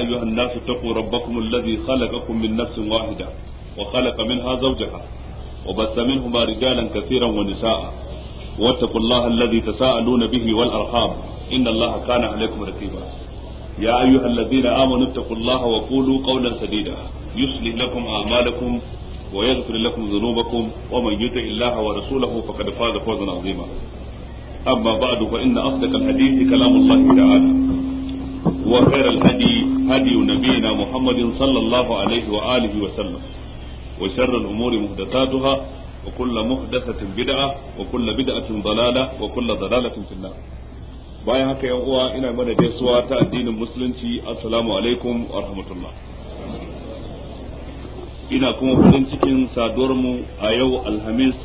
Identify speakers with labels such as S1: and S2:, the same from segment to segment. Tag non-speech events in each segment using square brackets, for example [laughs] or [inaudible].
S1: أيها الناس اتقوا ربكم الذي خلقكم من نفس واحدة وخلق منها زوجها وبث منهما رجالا كثيرا ونساء واتقوا الله الذي تساءلون به والأرحام إن الله كان عليكم رقيبا يا أيها الذين آمنوا اتقوا الله وقولوا قولا سديدا يصلح لكم أعمالكم ويغفر لكم ذنوبكم ومن يطع الله ورسوله فقد فاز فوزا عظيما أما بعد فإن أصدق الحديث كلام الله تعالى وخير الهدي هدي نبينا محمد صلى الله عليه وآله وسلم وشر الأمور محدثاتها وكل محدثة بدعة وكل بدعة ضلالة وكل ضلالة في النار bayan haka yan uwa ina mana gaisuwa ta addinin musulunci assalamu alaikum wa rahmatullah ina kuma farin cikin saduwar mu a yau alhamis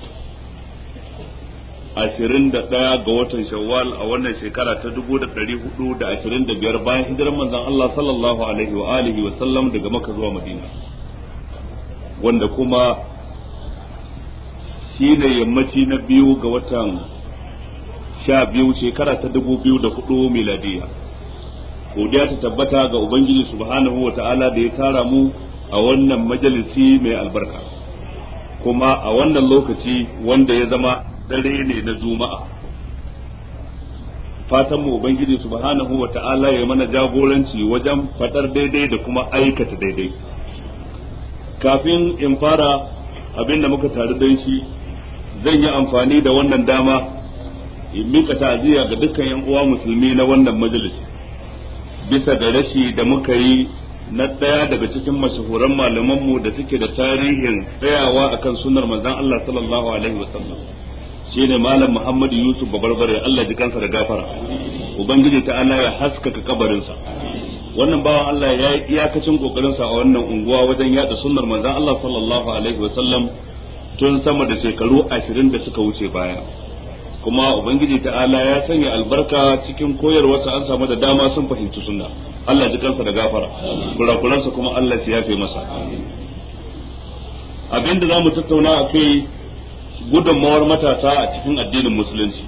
S1: ashirin da ɗaya ga watan shawwal a wannan shekara ta dubu da ɗari hudu da ashirin da biyar bayan hijiran manzon Allah sallallahu alaihi wa alihi wa sallam daga maka zuwa madina wanda kuma shi ne yammaci na biyu ga watan sha biyu shekara ta dubu biyu da hudu miladiya godiya ta tabbata ga ubangiji subhanahu wa ta'ala da ya tara mu a wannan majalisi mai albarka kuma a wannan lokaci wanda ya zama dare ne na juma'a fatan mu ubangiji subhanahu wa ta'ala ya mana jagoranci wajen fadar daidai da kuma aikata daidai kafin in fara abin da muka taru don shi zan yi amfani da wannan dama in mika ta'aziyya ga dukkan yan uwa musulmi na wannan majalisi bisa ga rashi da muka yi na ɗaya daga cikin mashahuran malamanmu da suke da tarihin tsayawa akan sunnar manzon Allah sallallahu alaihi wasallam Shi ne malam Muhammadu Yusuf babarbare Allah ji kansa da gafara ubangiji ta Allah ya haskaka kabarinsa wannan bawan Allah ya yi iyakacin kokarinsa a wannan unguwa wajen yada sunnar manzon Allah sallallahu alaihi wa sallam tun sama da shekaru ashirin da suka wuce baya kuma ubangiji allah ya sanya albarka cikin koyarwarsa an samu da dama sun fahimci sunna Allah ji kansa da gafara kurakuransa kuma Allah ya yafe masa abinda zamu tattauna akai gudunmawar matasa a cikin addinin musulunci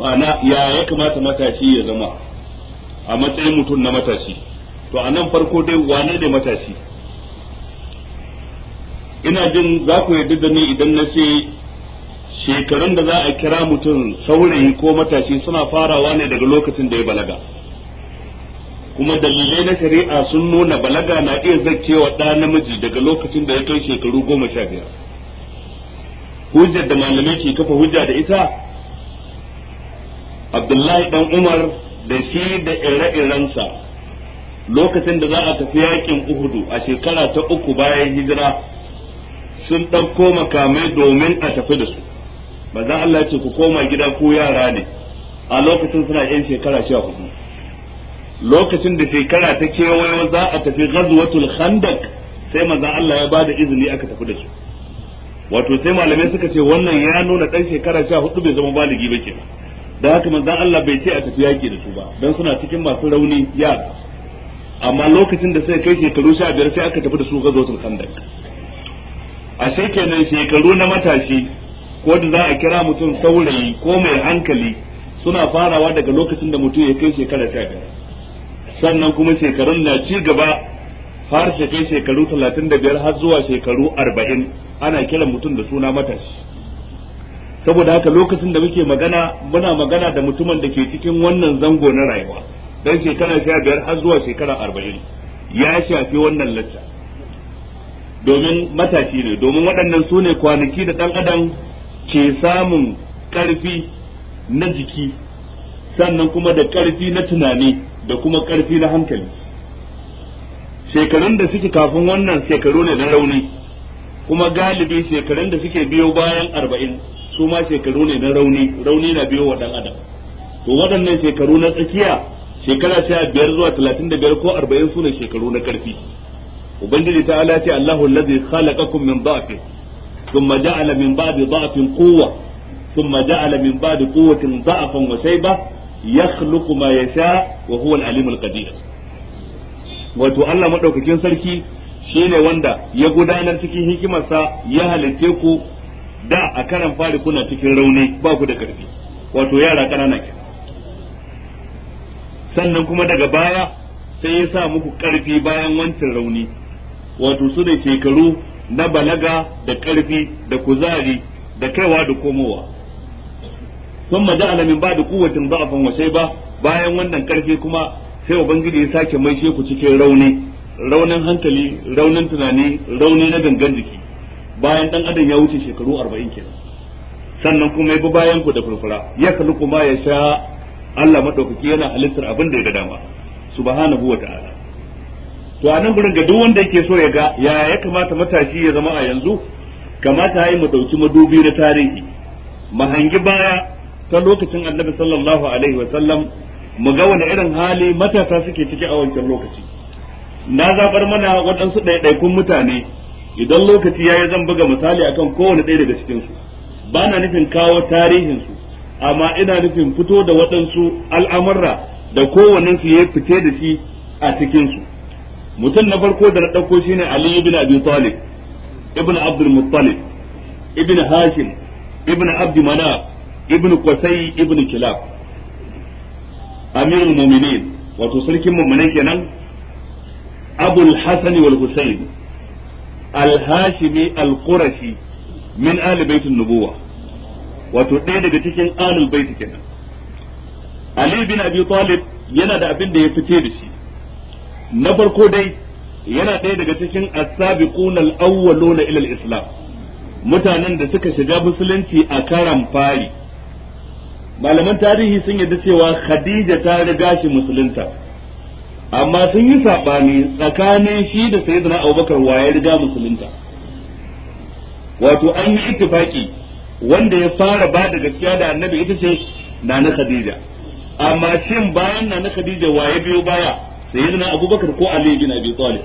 S1: ma'ana ya ya kamata matashi ya zama a matsayin mutum na matashi to a nan farko dai wane ne matashi ina jin za ku yarda da ni idan na ce shekarun da za a kira mutum saurayi ko matashi suna farawa ne daga lokacin da ya balaga kuma dalilai na shari'a sun nuna balaga na iya zakewa ɗa namiji daga lokacin da ya kai shekaru goma sha biyar hujjar da malamai ke kafa hujja da ita abdullahi dan umar da shi da ire-irensa lokacin da za a tafi yakin uhudu a shekara ta uku bayan hijira sun ɗauko makamai domin a tafi da su ba za Allah ce ku koma gida ko yara ne a lokacin suna yan shekara sha hudu lokacin da shekara ta kewayo za a tafi ghazwatul khandak sai maza Allah ya bada izini aka tafi da su wato sai malamai suka ce wannan ya nuna dan shekara sha hudu bai zama baligi ba ke da haka manzon Allah bai ce a tafi yaki da su ba dan suna cikin masu rauni ya amma lokacin da sai kai shekaru sha biyar sai aka tafi da su ga zotul khandak ashe kenan shekaru na matashi ko da za a kira mutum saurayi ko mai hankali suna farawa daga lokacin da mutum ya kai shekara sha biyar sannan kuma shekarun na ci gaba har su kai shekaru biyar har zuwa shekaru arba'in ana kiran mutum da suna matashi saboda haka lokacin da muke magana muna magana da mutumin da ke cikin wannan zango na rayuwa dan shekara biyar har zuwa shekara arba'in ya shafi wannan lacca domin matashi ne domin waɗannan su ne kwanaki da ɗan adam ke samun ƙarfi na jiki sannan kuma da ƙarfi na tunani da kuma ƙarfi na hankali shekarun da suke kafin wannan shekaru ne na rauni kuma galibi shekarun da suke biyo bayan arba'in su ma shekaru ne na rauni rauni na biyo wa dan adam to waɗannan shekaru na tsakiya shekara sha biyar zuwa talatin da biyar ko arba'in su ne shekaru na ƙarfi ubangiji ta ala ce allahu allazi khalaqakum min dha'fin thumma ja'ala min ba'di dha'fin quwwa thumma ja'ala min ba'di quwwatin dha'fan wa shayba yakhluqu ma yasha wa huwa al-alim al-qadir wato Allah madaukakin sarki shine wanda ya gudanar cikin hikimarsa ya halitte ku da a karan fari kuna cikin rauni ba ku da karfi wato yara kanana ke sannan kuma daga baya sai ya sa muku karfi bayan wancan rauni wato su ne shekaru na balaga da karfi da kuzari da kaiwa da komowa sun maja'ala alamin ba da kuwatin ba'afan wasai ba bayan wannan karfi kuma sai ubangiji ya sake maishe ku cikin rauni raunin hankali raunin tunani rauni na gangan jiki bayan dan adam ya wuce shekaru 40 kenan sannan kuma yabi bayan ku da furfura ya kalli kuma ya sha Allah madaukaki yana halittar abin da ya ga dama subhanahu wa ta'ala to a gurin ga duk wanda yake so ya ga ya ya kamata matashi ya zama a yanzu kamata yayi mu dauki madubi na tarihi mahangi baya ta lokacin Annabi sallallahu alaihi wa sallam mu ga wani irin hali matasa suke ciki a wancan lokaci na zabar mana waɗansu ɗaiɗaikun mutane idan lokaci ya yi zan buga misali akan kowane ɗaya daga cikinsu ba na nufin kawo tarihinsu amma ina nufin fito da waɗansu al'amurra da su ya fice da shi a cikinsu mutum na farko da na ɗauko shi ne Ali ibn Abi Talib ibn Abdul Muttalib ibn Hashim ibn Abdi Mana, ibn Qusay ibn Kilab amirul mu'minin wato sarkin mu'minai kenan abul hasan wal husayn al hashimi al qurashi min ali baitin nubuwa wato ɗaya daga cikin alul baiti kenan ali bin abi talib yana da abin da ya fice da shi na farko dai yana ɗaya daga cikin as-sabiqun al-awwaluna ila al-islam mutanen da suka shiga musulunci a karan fari malaman tarihi sun yarda cewa khadija ta riga shi musulunta amma sun yi saɓani tsakanin shi da sayyidina abubakar waye riga musulunta wato an yi ittifaki wanda ya fara ba da gaskiya da annabi ita ce na khadija amma shin bayan na na khadija waye biyo baya sayyidina abubakar ko ali bin abi talib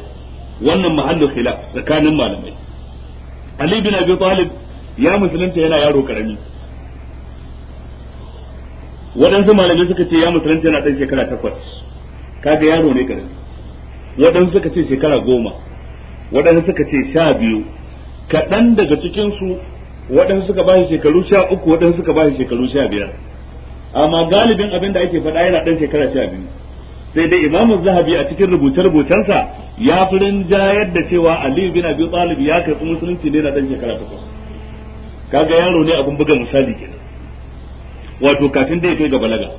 S1: wannan mahallu khilaf tsakanin malamai ali bin abi talib ya musulunta yana yaro karami waɗansu malamai suka ce ya musulunci yana ɗan shekara takwas kaga yaro ne ƙarfi waɗansu suka ce shekara goma waɗansu suka ce sha biyu kaɗan daga cikinsu waɗansu suka ba shi shekaru sha uku waɗansu suka ba shi shekaru sha biyar amma galibin abin da ake faɗa yana ɗan shekara sha biyu sai dai imamu zahabi a cikin rubuce-rubucensa ya fi rinjayar da cewa aliyu bin abi talib ya karɓi musulunci ne na ɗan shekara takwas kaga yaro ne abin buga misali kenan wato kafin da ya kai ga balaga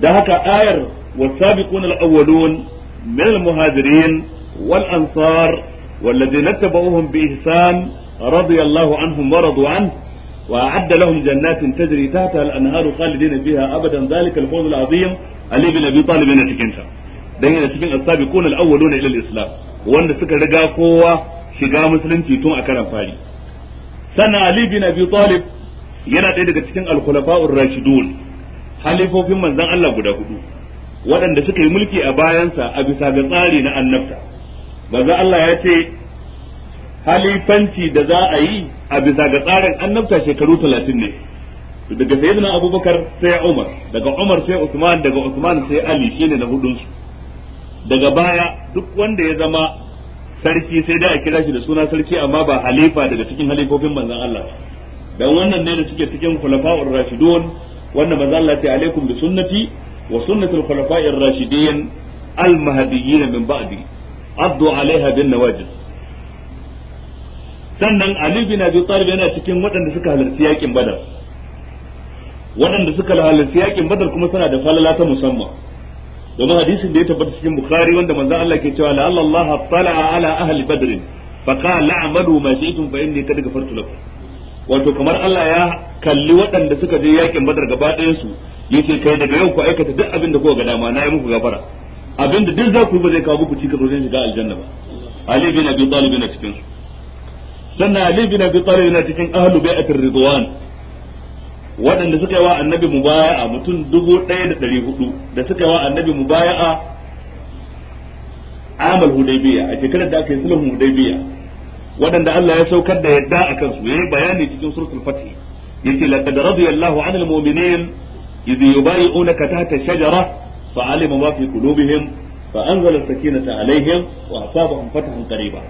S1: da haka ayar wasabiquna al-awwalun min al-muhajirin wal ansar والذين اتبعوهم بإحسان رضي الله عنهم ورضوا عنه وأعد لهم جنات تجري تحتها الأنهار خالدين فيها أبدا ذلك الفوز العظيم علي بن أبي طالب بن تكنتا دين تكن السابقون الأولون إلى الإسلام وأن سكر رجا قوة شجاع مسلم تون أكرم فاري سنة علي بن أبي طالب yana ɗaya daga cikin alkulafa'ur rashidun halifofin manzon Allah guda hudu waɗanda suka yi mulki a bayansa a bisa ga tsari na annabta manzon Allah ya ce halifanci da za a yi a bisa ga tsarin annabta shekaru talatin ne daga sayyidina abubakar sai umar daga umar sai usman daga usman sai ali shine na hudunsu daga baya duk wanda ya zama sarki sai da a kira shi da suna sarki amma ba halifa daga cikin halifofin manzon Allah dan wannan ne da suke cikin khulafa'ur rashidun wanda manzo Allah ta alaikum bi sunnati wa sunnatul khulafa'ir rashidin al mahdiyyin min ba'di addu alaiha bin nawajib sannan Ali bin Abi Talib yana cikin waɗanda suka halarci yakin Badar waɗanda suka halarci yakin Badar kuma suna da falala ta musamman domin hadisin da ya tabbata cikin Bukhari wanda manzo Allah ke cewa la'alla Allah tala'a ala ahli Badr fa qala a'malu ma shi'tum fa inni qad ghafartu lakum wato kamar Allah ya kalli waɗanda suka je yakin badar gaba ɗayan su yace kai daga yau ku aikata duk abin da kuka ga dama na yi muku gafara abin da duk za ku yi ba zai kawo muku cikas wajen shiga aljanna ba Ali bin Abi Talib na cikin su sannan Ali bin Abi Talib na cikin ahlu bai'atir ridwan waɗanda suka yi wa annabi mubaya'a mutum dubu ɗaya da ɗari hudu da suka yi wa annabi mubaya'a amal hudaybiya a shekarar da aka yi sulhun hudaybiya waɗanda Allah ya saukar da yadda a kansu yayi bayani cikin suratul fatih yace laqad radiyallahu 'anil mu'minin idh yubayyi'unaka tahta shajara fa'alima ma fi qulubihim فأنزل السكينة عليهم وأصابهم فتحا قريبا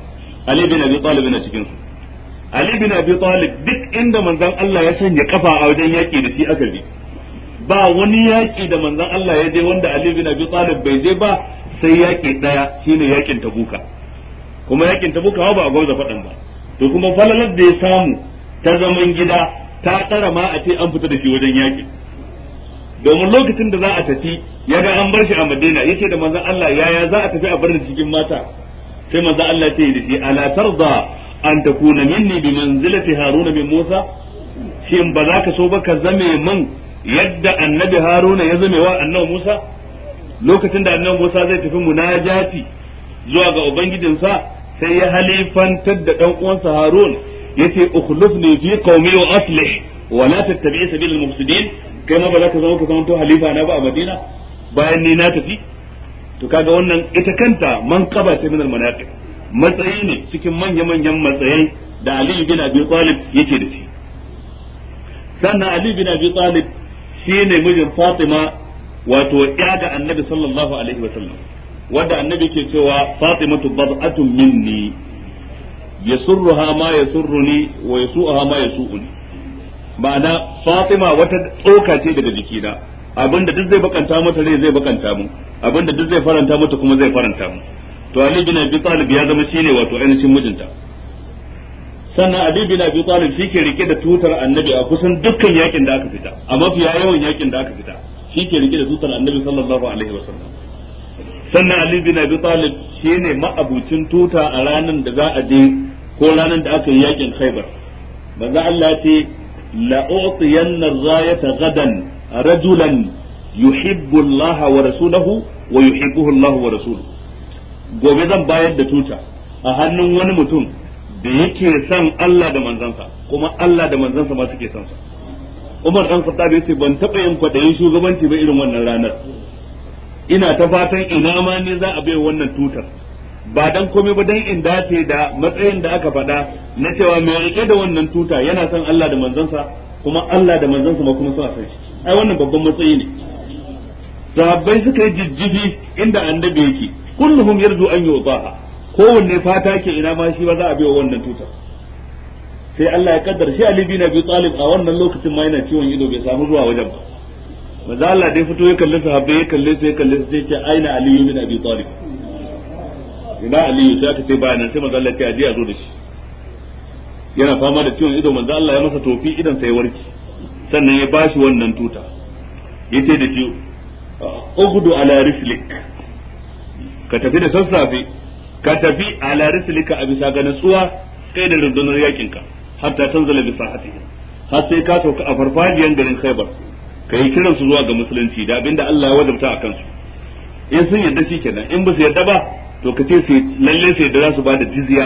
S1: علي بن أبي طالب na cikin su Ali bin Abi Talib duk inda manzon Allah ya sanya kafa a wajen yaki da shi aka ba wani yaƙi da manzon Allah ya je wanda Ali bin Abi Talib bai je ba sai yaƙi daya shine yaƙin Tabuka kuma yakin ta ma ba a gwamza faɗan ba to kuma falalar da ya samu ta zaman gida ta tsara ma a ce an fita da shi wajen yakin domin lokacin da za a tafi ya ga an bar shi a madina ya ce da manzan Allah yaya za a tafi a bar cikin mata sai manzan Allah ce da shi ala tarda an takuna minni bi manzilati haruna bin musa shin ba za ka so ba ka zame min yadda annabi haruna ya zame wa annabi musa lokacin da annabi musa zai tafi munajati zuwa ga ubangijinsa sai ya halifantar da dan uwansa harun yace ukhlifni fi qaumi wa aslih wa la tattabi'i sabilal mufsidin kai ma ba za ka zama ka zama to halifa na ba a madina bayan ni na tafi to kaga wannan ita kanta man kaba ta minal manaqib matsayi ne cikin manya-manyan matsayi da Ali bin Abi Talib yake da shi sannan Ali bin Abi Talib shine mijin Fatima wato ya ga Annabi sallallahu alaihi wa sallam wanda annabi ke cewa fatimatu bad'atun minni yasurruha ma yasurruni wa yasu'uha ma yasu'uni ma'ana fatima wata tsoka ce daga jikina abinda duk zai bakanta mata rai zai bakanta mu abinda duk zai faranta mata kuma zai faranta mu to ali bin abi talib ya zama shine wato ainihin mijinta sannan ali bin abi talib shike rike da tutar annabi a kusan dukkan yakin da aka fita a mafiya yawan yakin da aka fita shike rike da tutar annabi sallallahu alaihi wasallam sannan Ali bin Abi Talib shine ma'abucin tuta a ranar da za a je ko ranar da aka yi yakin Khaibar manzo Allah ce la utiyanna rayata gadan rajulan yuhibbu Allah wa rasulahu wa yuhibbuhu Allah wa rasuluhu gobe zan bayar da tuta a hannun wani mutum da yake son Allah da manzansa kuma Allah da manzansa ma suke son sa Umar dan Khattab yace ban taba yin kwadayin shugabanci ba irin wannan ranar ina ta fatan ina ma ne za a bai wannan tutar ba dan komai ba dan in dace da matsayin da aka faɗa na cewa mai rike da wannan tuta yana son Allah da manzansa kuma Allah da manzansa ma kuma suna son shi ai wannan babban matsayi ne sahabbai suka yi jijjifi inda annabi yake kulluhum yarju an yutaha kowanne fata ke ina ma shi ba za a bai wannan tutar sai Allah ya kaddar shi Ali bin Abi Talib a wannan lokacin ma yana ciwon ido bai samu zuwa wajen ba Maza Allah dai fito ya kalli sahabbai ya kalli sai ya kalli sai ce aina aliyu min abi talib ina aliyu sai aka ce ba nan sai manzo Allah ya ce aje a zo da shi yana fama da ciwon ido manzo Allah ya masa tofi idan sai warki sannan ya bashi wannan tuta yace da shi ugudu ala rislik ka tafi da sassafe ka tafi ala rislika a bisa ga natsuwa kai da rundunar yakin ka hatta tanzala bi sahatihi har sai ka sauka a farfajiyan garin Khaibar ka yi kiran su zuwa ga musulunci da abinda Allah ya wajabta a kansu in sun yarda shi kenan in ba su yarda ba to ka ce su lalle sai da za su bada jizya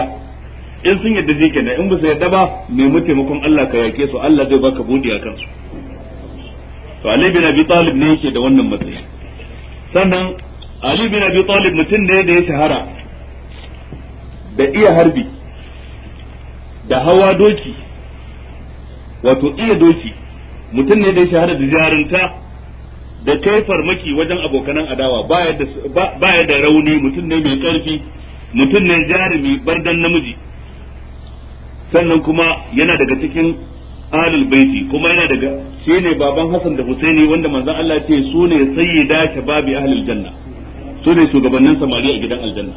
S1: in sun yarda shi kenan in ba su yarda ba me taimakon Allah ka yake su Allah zai baka bude a kansu to Ali bin Abi Talib ne yake da wannan matsayi sannan Ali bin Abi Talib mutum ne da ya shahara da iya harbi da hawa doki wato iya doki mutum ne da ya shahara da jarinta da kai farmaki wajen abokanan adawa ba ya da rauni mutum ne mai karfi mutum ne jarumi bardan namiji sannan kuma yana daga cikin alul baiti kuma yana daga shi ne baban Hassan da Husaini wanda manzon Allah ce su ne dace shababi ahlul janna su ne shugabannin samari a gidan aljanna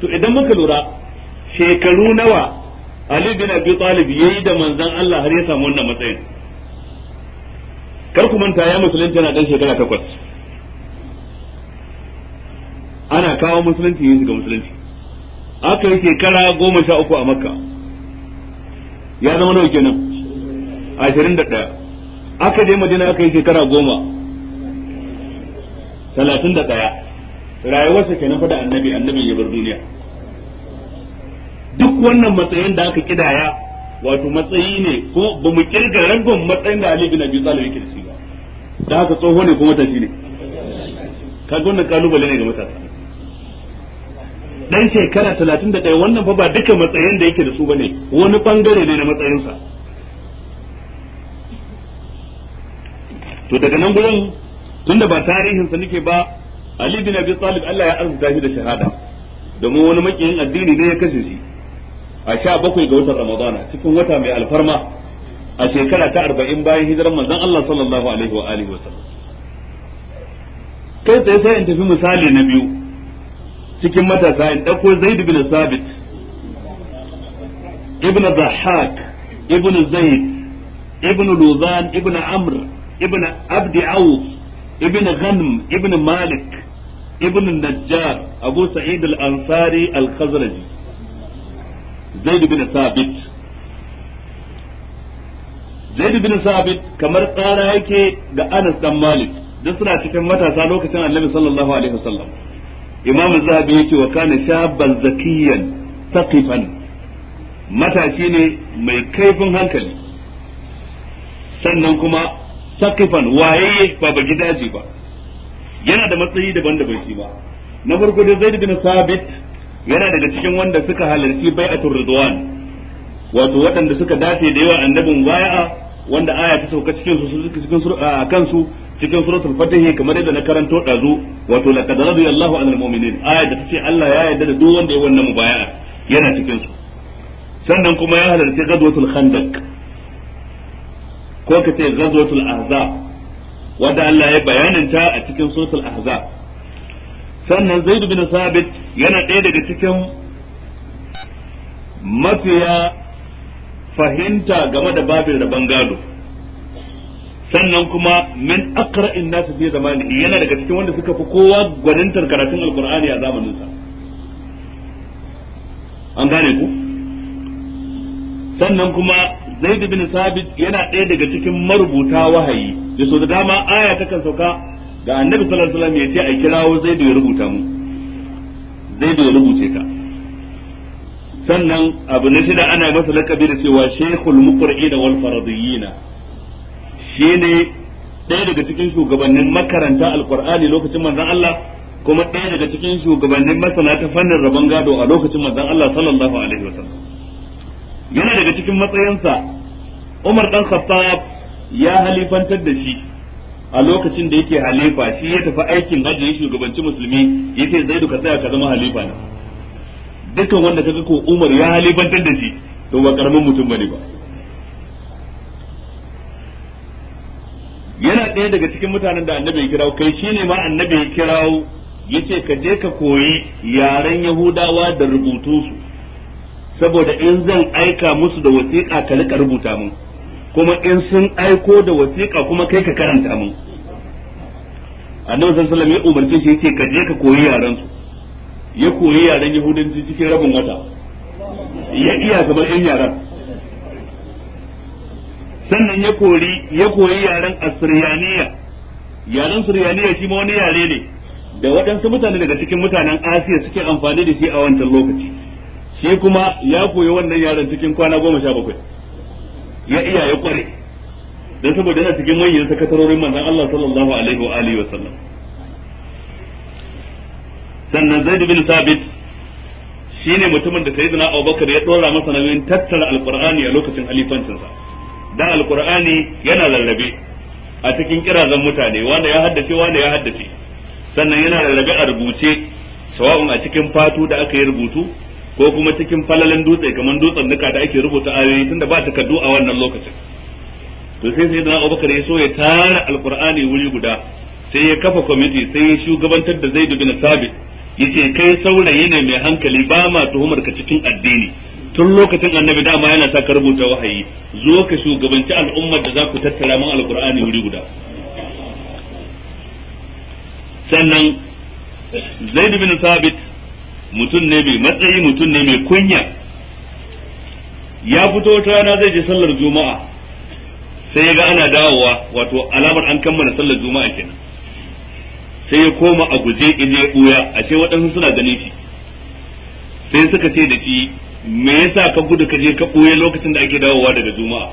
S1: to idan muka lura shekaru nawa Ali bin Abi Talib yayi da manzon Allah har ya samu wannan matsayin kar ku manta ya musulunci yana dan shekara takwas ana kawo musulunci yin shiga musulunci aka yi shekara goma sha uku a makka ya zama nawa kenan ashirin da ɗaya aka je madina aka yi shekara goma talatin da ɗaya rayuwarsa kenan fa da annabi annabi ya bar duniya duk wannan matsayin da aka kidaya wato matsayi ne ko ba mu kirga rangon matsayin da Ali bin Abi Talib yake da shi ba da haka tsoho ne kuma tashi ne ka gonna kalubale ne ga matasa dan shekara 31 wannan fa ba duka matsayin da yake da su bane wani bangare ne na matsayinsa to daga nan gurin tunda ba tarihin sa nake ba Ali bin Abi Talib Allah ya arzuta shi da shahada domin wani makiyin addini ne ya kashe shi a sha bakwai ga watan ramadana cikin wata mai alfarma a shekara ta arba'in bayan hijirar manzon Allah sallallahu alaihi wa alihi wa sallam kai tsaye sai in tafi misali na biyu cikin matasa in dauko Zaid bin Sabit ibn Dhahhak ibn Zaid ibn Luzan ibn Amr ibn Abd Auf ibn Ghanm ibn Malik ibn Najjar Abu Sa'id al-Ansari al-Khazraji zaid na sabit zaid bin sabit kamar tsara yake ga anas dan malik duk suna cikin matasa lokacin annabi sallallahu alaihi wasallam imam zahabi yake wa kana shaban zakiyan saqifan matashi ne mai kaifin hankali sannan kuma saqifan wayayye ba ba gidaje ba yana da matsayi daban-daban shi ba na farko dai zaid bin sabit yana daga cikin wanda suka halarci bai'atul ridwan wato waɗanda suka dace da yawa annabin bai'a wanda aya ta sauka cikin su cikin kansu cikin suratul fatih kamar yadda na karanto dazu wato laqad radiyallahu anil mu'minin aya da tace Allah ya yarda da duk wanda ya wannan mubaya'a yana cikin su sannan kuma ya halarci ghazwatul khandaq ko kace ghazwatul ahzab wanda Allah ya bayananta a cikin suratul ahzab sannan zaid bin sabit yana ɗaya daga cikin mafiya fahimta game da babin rabon gado sannan kuma min aqra'in nasu fi zamani yana daga cikin wanda suka fi kowa gwanintar karatun alkur'ani a zamaninsa an gane ku sannan kuma zaid bin sabit yana ɗaya daga cikin marubuta wahayi da so da dama aya takan sauka da annabi sallallahu alaihi wasallam ya ce a kirawo zaidu ya rubuta mu zaidu ya rubuce ka sannan abu na shida ana masa lakabi da cewa shekul muqri'in wal faradiyyin shine ɗaya daga cikin shugabannin makaranta alqur'ani lokacin manzon Allah kuma ɗaya daga cikin shugabannin masana ta fannin rabon gado a lokacin manzon Allah sallallahu alaihi wasallam yana daga cikin matsayinsa Umar dan Khattab ya halifantar da shi a lokacin da yake halifa shi ya tafi aikin hajji ya shugabanci musulmi yace zai ka tsaya ka zama halifa na. dukkan wanda kaga ko Umar ya halifantar da shi to ba karamin mutum bane ba yana ɗaya daga cikin mutanen da annabi ya kirawo kai shine ma annabi ya kirawo yace ka je ka koyi yaren Yahudawa da rubutu su saboda in zan aika musu da wasiƙa ka rika rubuta mun kuma in sun aiko da wasiƙa kuma kai ka karanta mun annabi sallallahu alaihi wasallam ya umarce shi yace ka je ka koyi yaran su ya koyi yaran yahudanci cikin rabin wata ya iya kamar yan yaran sannan ya kori ya koyi yaran asriyaniya yaran asriyaniya shi ma wani yare ne da waɗansu mutane daga cikin mutanen asiya suke amfani da shi a wancan lokaci shi kuma ya koyi wannan yaran cikin kwana goma sha bakwai ya iya ya kware don saboda yana cikin manyan sakatarorin manzon Allah sallallahu alaihi wa alihi wa sallam sannan Zaid bin Sabit shine mutumin da sayyidina Abubakar ya dora masa nauyin tattara alqur'ani a lokacin sa dan alqur'ani yana lallabe a cikin kirazan mutane wanda ya haddace wanda ya haddace sannan yana lallabe a rubuce sawa'un a cikin fatu da aka yi rubutu ko kuma cikin falalin dutse kamar dutsen nuka da ake rubuta ayoyi tunda ba takardu a wannan lokacin to sai sai da Abubakar ya so ya tara alqur'ani wuri guda sai ya kafa committee. sai ya shugabantar da Zaid bin Sabit yace kai saurayi ne mai hankali ba ma tuhumar ka cikin addini tun lokacin annabi dama yana sa ka rubuta wahayi zo ka shugabanci al'ummar da za ku tattara min alqur'ani wuri guda sannan Zaid bin Sabit mutum ne mai matsayi mutum ne mai kunya ya fito wata rana zai je sallar juma'a sai ya ga ana dawowa wato alamar an kammala sallar juma'a kenan sai ya koma a guje in ya buya ashe waɗansu suna gani shi sai suka ce da shi me yasa ka gudu ka je ka buye lokacin da ake dawowa daga juma'a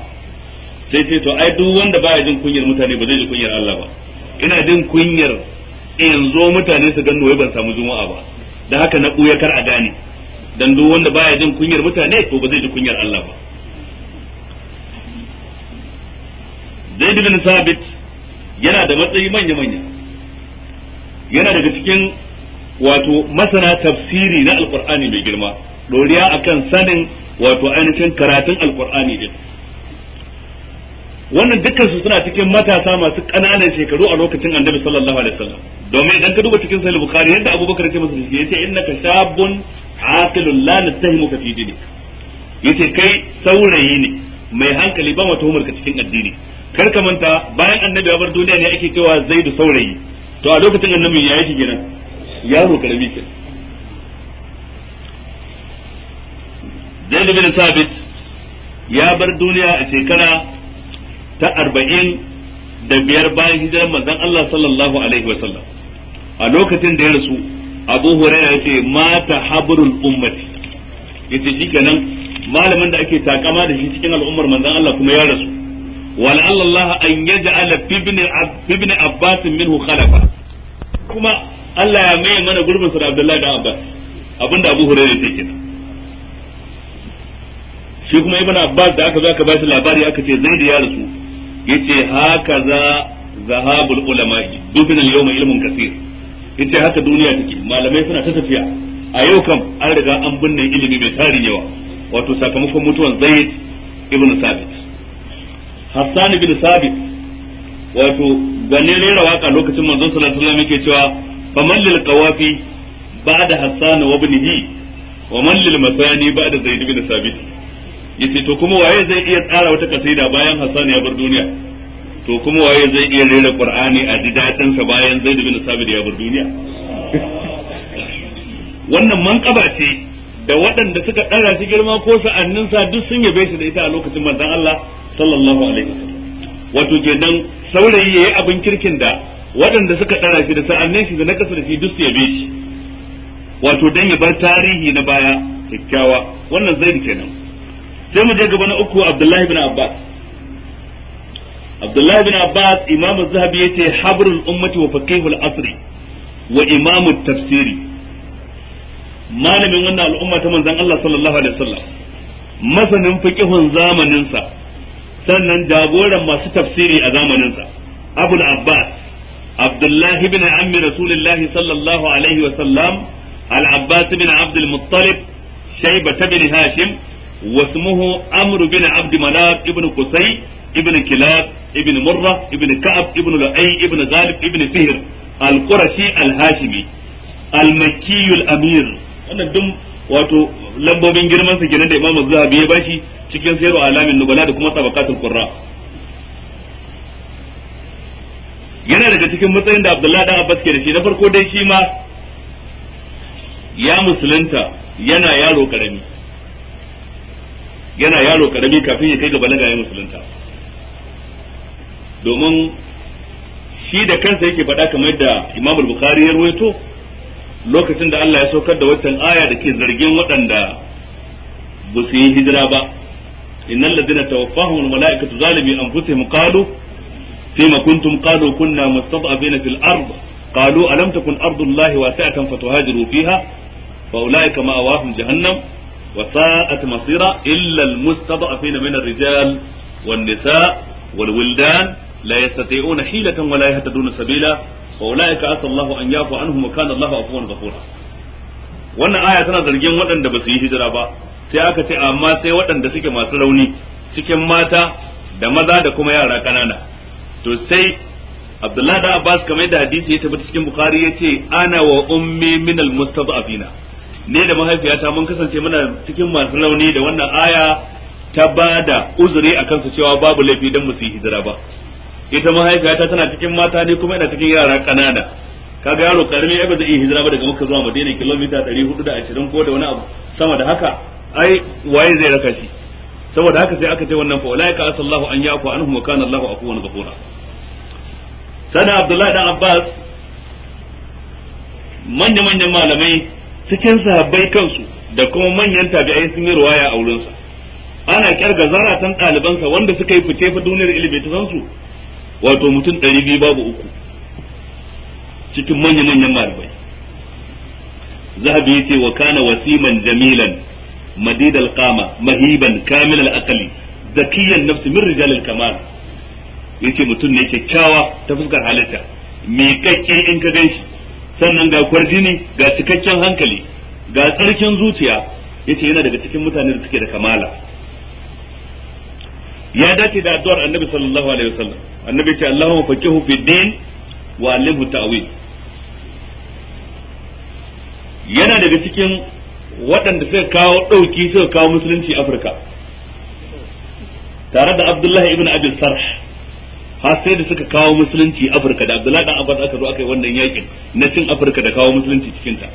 S1: sai ce to ai duk wanda baya jin kunyar mutane ba zai ji kunyar Allah ba ina jin kunyar in mutane su gan ban samu juma'a ba da haka na ɓuya kar a gane dan duk wanda baya jin kunyar mutane to ba zai ji kunyar Allah ba Zaid bin Sabit yana da matsayi manya manya yana daga cikin wato masana tafsiri na Alƙur'ani mai girma doriya akan sanin wato ainihin karatun Alƙur'ani din wannan dukkan su suna cikin matasa masu ƙananan shekaru a lokacin annabi sallallahu alaihi wasallam domin idan ka duba cikin sahih bukhari yadda abubakar ya ce masa shi yace innaka shabun aqilun la ka fi dini yace kai saurayi ne mai hankali ba mu tuhumar ka cikin addini kar ka manta bayan annabi ya bar duniya ne ake cewa zaidu saurayi to a lokacin annabi ya yake kenan yaro karami kenan zaid bin sabit ya bar duniya a shekara ta arba'in da biyar bayan hijirar manzon Allah sallallahu alaihi wa sallam a lokacin da ya rasu Abu ya ce mata habrul ummati yace kenan malamin da ake takama da shi cikin al'ummar manzon Allah kuma ya rasu wani Allah an yaj'ala ibn ibn Abbas minhu khalafa kuma Allah ya mai mana gurbin sa da Abdullahi da Abbas abinda Abu Hurairah yake kenan shi kuma ibn Abbas da aka zo aka shi labari aka ce zai da ya rasu yace haka za zahabul ulama dubin al-yawma ilmun kaseer yace haka duniya take malamai suna ta tafiya a yau kam an riga an binne ilimi mai tarin yawa wato sakamakon mutuwan zaid ibn sabit hassan ibn sabit wato ganin rera waka lokacin manzon sallallahu alaihi wasallam yake cewa faman lil qawafi ba'da hassan wa ibnihi wa man lil masani ba'da zaid ibn sabit yace to kuma waye zai iya tsara wata kasida bayan Hassan ya bar duniya to kuma waye zai iya rera Qur'ani a didatin sa bayan Zaid bin Sabit ya bar duniya wannan manqaba ce da waɗanda suka ɗara shi girma ko sa'annin sa duk sun yabe shi da ita a lokacin manzon Allah sallallahu alaihi wasallam wato kenan saurayi yayi abin kirkin da waɗanda suka ɗara shi da sa'annin shi da na kasa da shi duk su yabe shi wato dan ya bar tarihi na baya kyakkyawa wannan zaid kenan sai mu je gaba na uku abdullahi bin abbas abdullahi bin abbas imam zahabi ce, habrul ummati wa faqihul asri wa imamu tafsiri malamin wannan al'umma ta manzon Allah sallallahu alaihi wasallam masanin fiqihun zamaninsa sannan jagoran masu tafsiri a zamaninsa abul abbas abdullahi bin ammi rasulullahi sallallahu alaihi wasallam al abbas bin abdul muttalib shaybah bin hashim واسمه عمرو بن عبد مناف ابن قصي ابن كلاب ابن مرة ابن كعب ابن لؤي ابن غالب ابن فهر القرشي الهاشمي المكي الأمير أنا دم wato lambobin girman sa kenan da Imam Zahabi ya bashi cikin sayar alamin nubala da kuma tabaqatul yana daga cikin matsayin da Abdullahi dan Abbas ke da shi na farko dai shi ma ya musulunta yana yaro karami yana yaro karami kafin ya kai ga balaga ya musulunta domin shi da kansa yake faɗa kamar yadda Imam Bukhari ya lokacin da Allah ya saukar da watan aya da ke zargin waɗanda ba su yi hijira ba innal ladina tawaffahum al malaikatu zalimi anfusihim qalu fima kuntum qalu kunna mustad'afina fil ard qalu alam takun ardullahi wasi'atan fatuhajiru fiha fa ulaika ma'awahum jahannam وساءت مصيرا إلا المستضعفين من الرجال والنساء والولدان لا يستطيعون حيلة ولا يهتدون سبيلا وأولئك عسى الله أن يعفو عنهم وكان الله عفوا غفورا wannan aya tana zargin waɗanda ba su yi hijira ba sai aka ce amma sai waɗanda suke masu rauni cikin mata da maza da kuma yara ƙanana to sai Abdullahi da Abbas kamar da hadisi ya tabbata cikin ya ce ana wa ummi minal mustad'afina ne da mahaifiyata mun kasance muna cikin masu launi da wannan aya ta ba da uzuri a kansu cewa babu laifi don musu hijira ba ita mahaifiyata tana cikin mata ne kuma yana cikin yara ƙanana kaga yaro karami ya ba zai iya hijira ba daga muka zuwa madina kilomita 420 ko da wani abu sama da haka ai waye zai raka shi saboda haka sai aka ce wannan fa ulaika asallahu an yaku anhum wa kana Allahu afuwan ghafura sana Abdullahi da Abbas manya manyan malamai cikin sahabbai kansu da kuma manyan tabi'ai sun yi ruwaya a wurinsa ana kyarga zaratan ɗalibansa wanda suka yi fice fa duniyar ilimi ta san wato mutum ɗari biyu babu uku cikin manyan manyan malamai zahabi ya ce wa kana wasiman jamilan madid alqama mahiban kamil alaqli zakiyan nafsi min rijal alkamal yace mutum ne kyakkyawa ta fuskar halitta Mi kakkin in ka ganshi sannan ga kwarjini ga cikakken hankali ga tsarkin zuciya yace yana daga cikin mutane da suke da kamala ya dace da addu'ar annabi sallallahu alaihi wasallam annabi ce Allahumma faqihu fi din wa alimhu ta'wil yana daga cikin waɗanda suka kawo ɗauki suka kawo musulunci Afirka tare da Abdullahi ibn Abi Sarh har sai da suka kawo musulunci Afirka da Abdullahi dan Abbas aka zo aka yi wannan yakin na cin Afirka da kawo musulunci cikin ta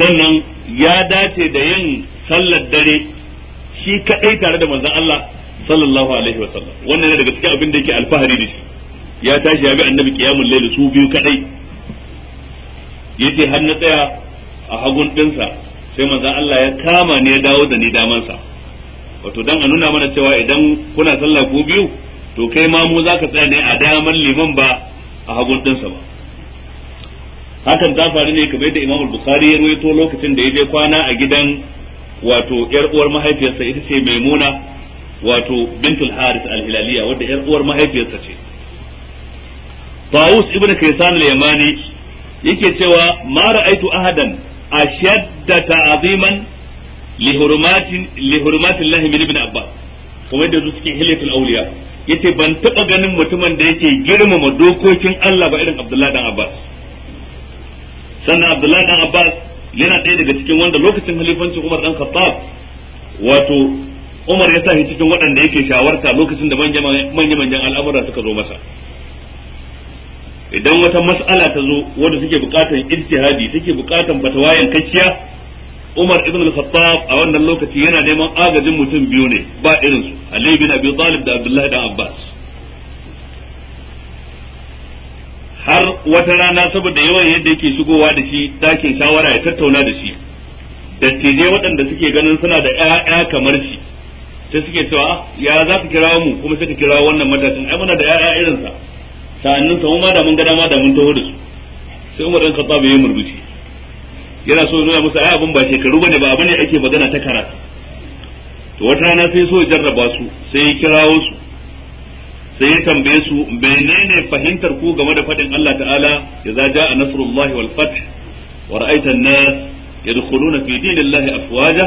S1: sannan ya dace da yin sallar dare shi kadai tare da manzon Allah sallallahu alaihi wasallam wannan ne daga cikin abin da yake alfahari da shi ya tashi ya bi annabi qiyamul layl su biyu kadai yace har na tsaya a hagun dinsa sai manzon Allah ya kama ne ya dawo da ni damansa wato dan a nuna mana cewa idan kuna sallah ko biyu to kai ma mu zaka tsaya ne a daman liman ba a hagun dinsa ba hakan ta faru ne kamar da Imam Bukhari ya rawaito lokacin da ya je kwana a gidan wato yar uwar mahaifiyarsa ita ce Maimuna wato bintul Haris al-Hilaliya wadda yar uwar mahaifiyarsa ce Tawus ibn Kaysan al-Yamani yake cewa ma ra'aitu ahadan ashadda ta'ziman lihurumatin lahi min ibn abbas kuma yadda su suke hilatul auliya yace ban taba ganin mutumin da yake girmama dokokin Allah ba irin Abdullahi dan Abbas sannan Abdullahi dan Abbas yana ɗaya daga cikin wanda lokacin halifancin Umar dan Khattab wato Umar ya sa cikin waɗanda yake shawarta lokacin da manya-manyan al'amura suka zo masa idan wata mas'ala ta zo wanda suke bukatar ijtihadi suke bukatar fatawa yankakkiya Umar ibn al-Khattab a wannan lokaci yana neman agajin mutum biyu ne ba irin su Ali bin Abi Talib da Abdullah da Abbas har wata rana saboda yawan yadda yake shigowa da shi dakin shawara ya tattauna da shi dattijai waɗanda suke ganin suna da ƴaƴa kamar shi sai suke cewa ah, ya za ka kira mu kuma sai ka kira wannan matashin ai muna da ƴaƴa irinsa sa'annin sa ma da mun ga da mun taho da su sai Umar ibn Khattab ya yi murmushi yana so nuna musu ai abin ba shekaru bane ba bane ake magana ta karatu to wata rana sai so jarraba su sai ya kirawo su sai ya tambaye su menene fahimtar ku game da fadin Allah ta'ala idza jaa nasrullahi wal fath wa ra'aita an-nas yadkhuluna fi dinillahi afwaja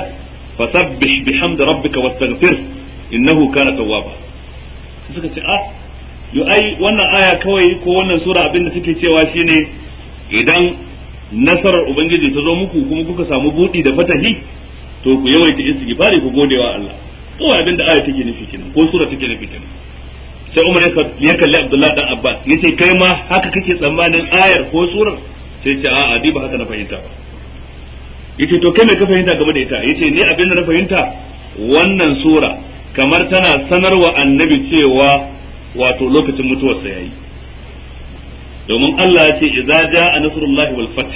S1: fasabbih bihamdi rabbika wastaghfir innahu kana tawwaba suka ce a ah, yo ai wannan aya kawai ko wannan sura abinda take cewa shine idan nasarar ubangiji ta zo muku kuma kuka samu budi da fatahi to ku yawaita istighfari ku godewa Allah ko abin da aya take nufi kenan ko sura take nufi kenan sai Umar ya kalli Abdullahi dan Abbas yace kai ma haka kake tsammanin ayar ko surar sai ce a'a dai ba haka na fahimta ba yace to kai me ka fahimta game da ita yace ni abin da na fahimta wannan sura kamar tana sanarwa annabi cewa wato lokacin mutuwarsa yayi domin Allah ya ce idza jaa nasrullahi wal fath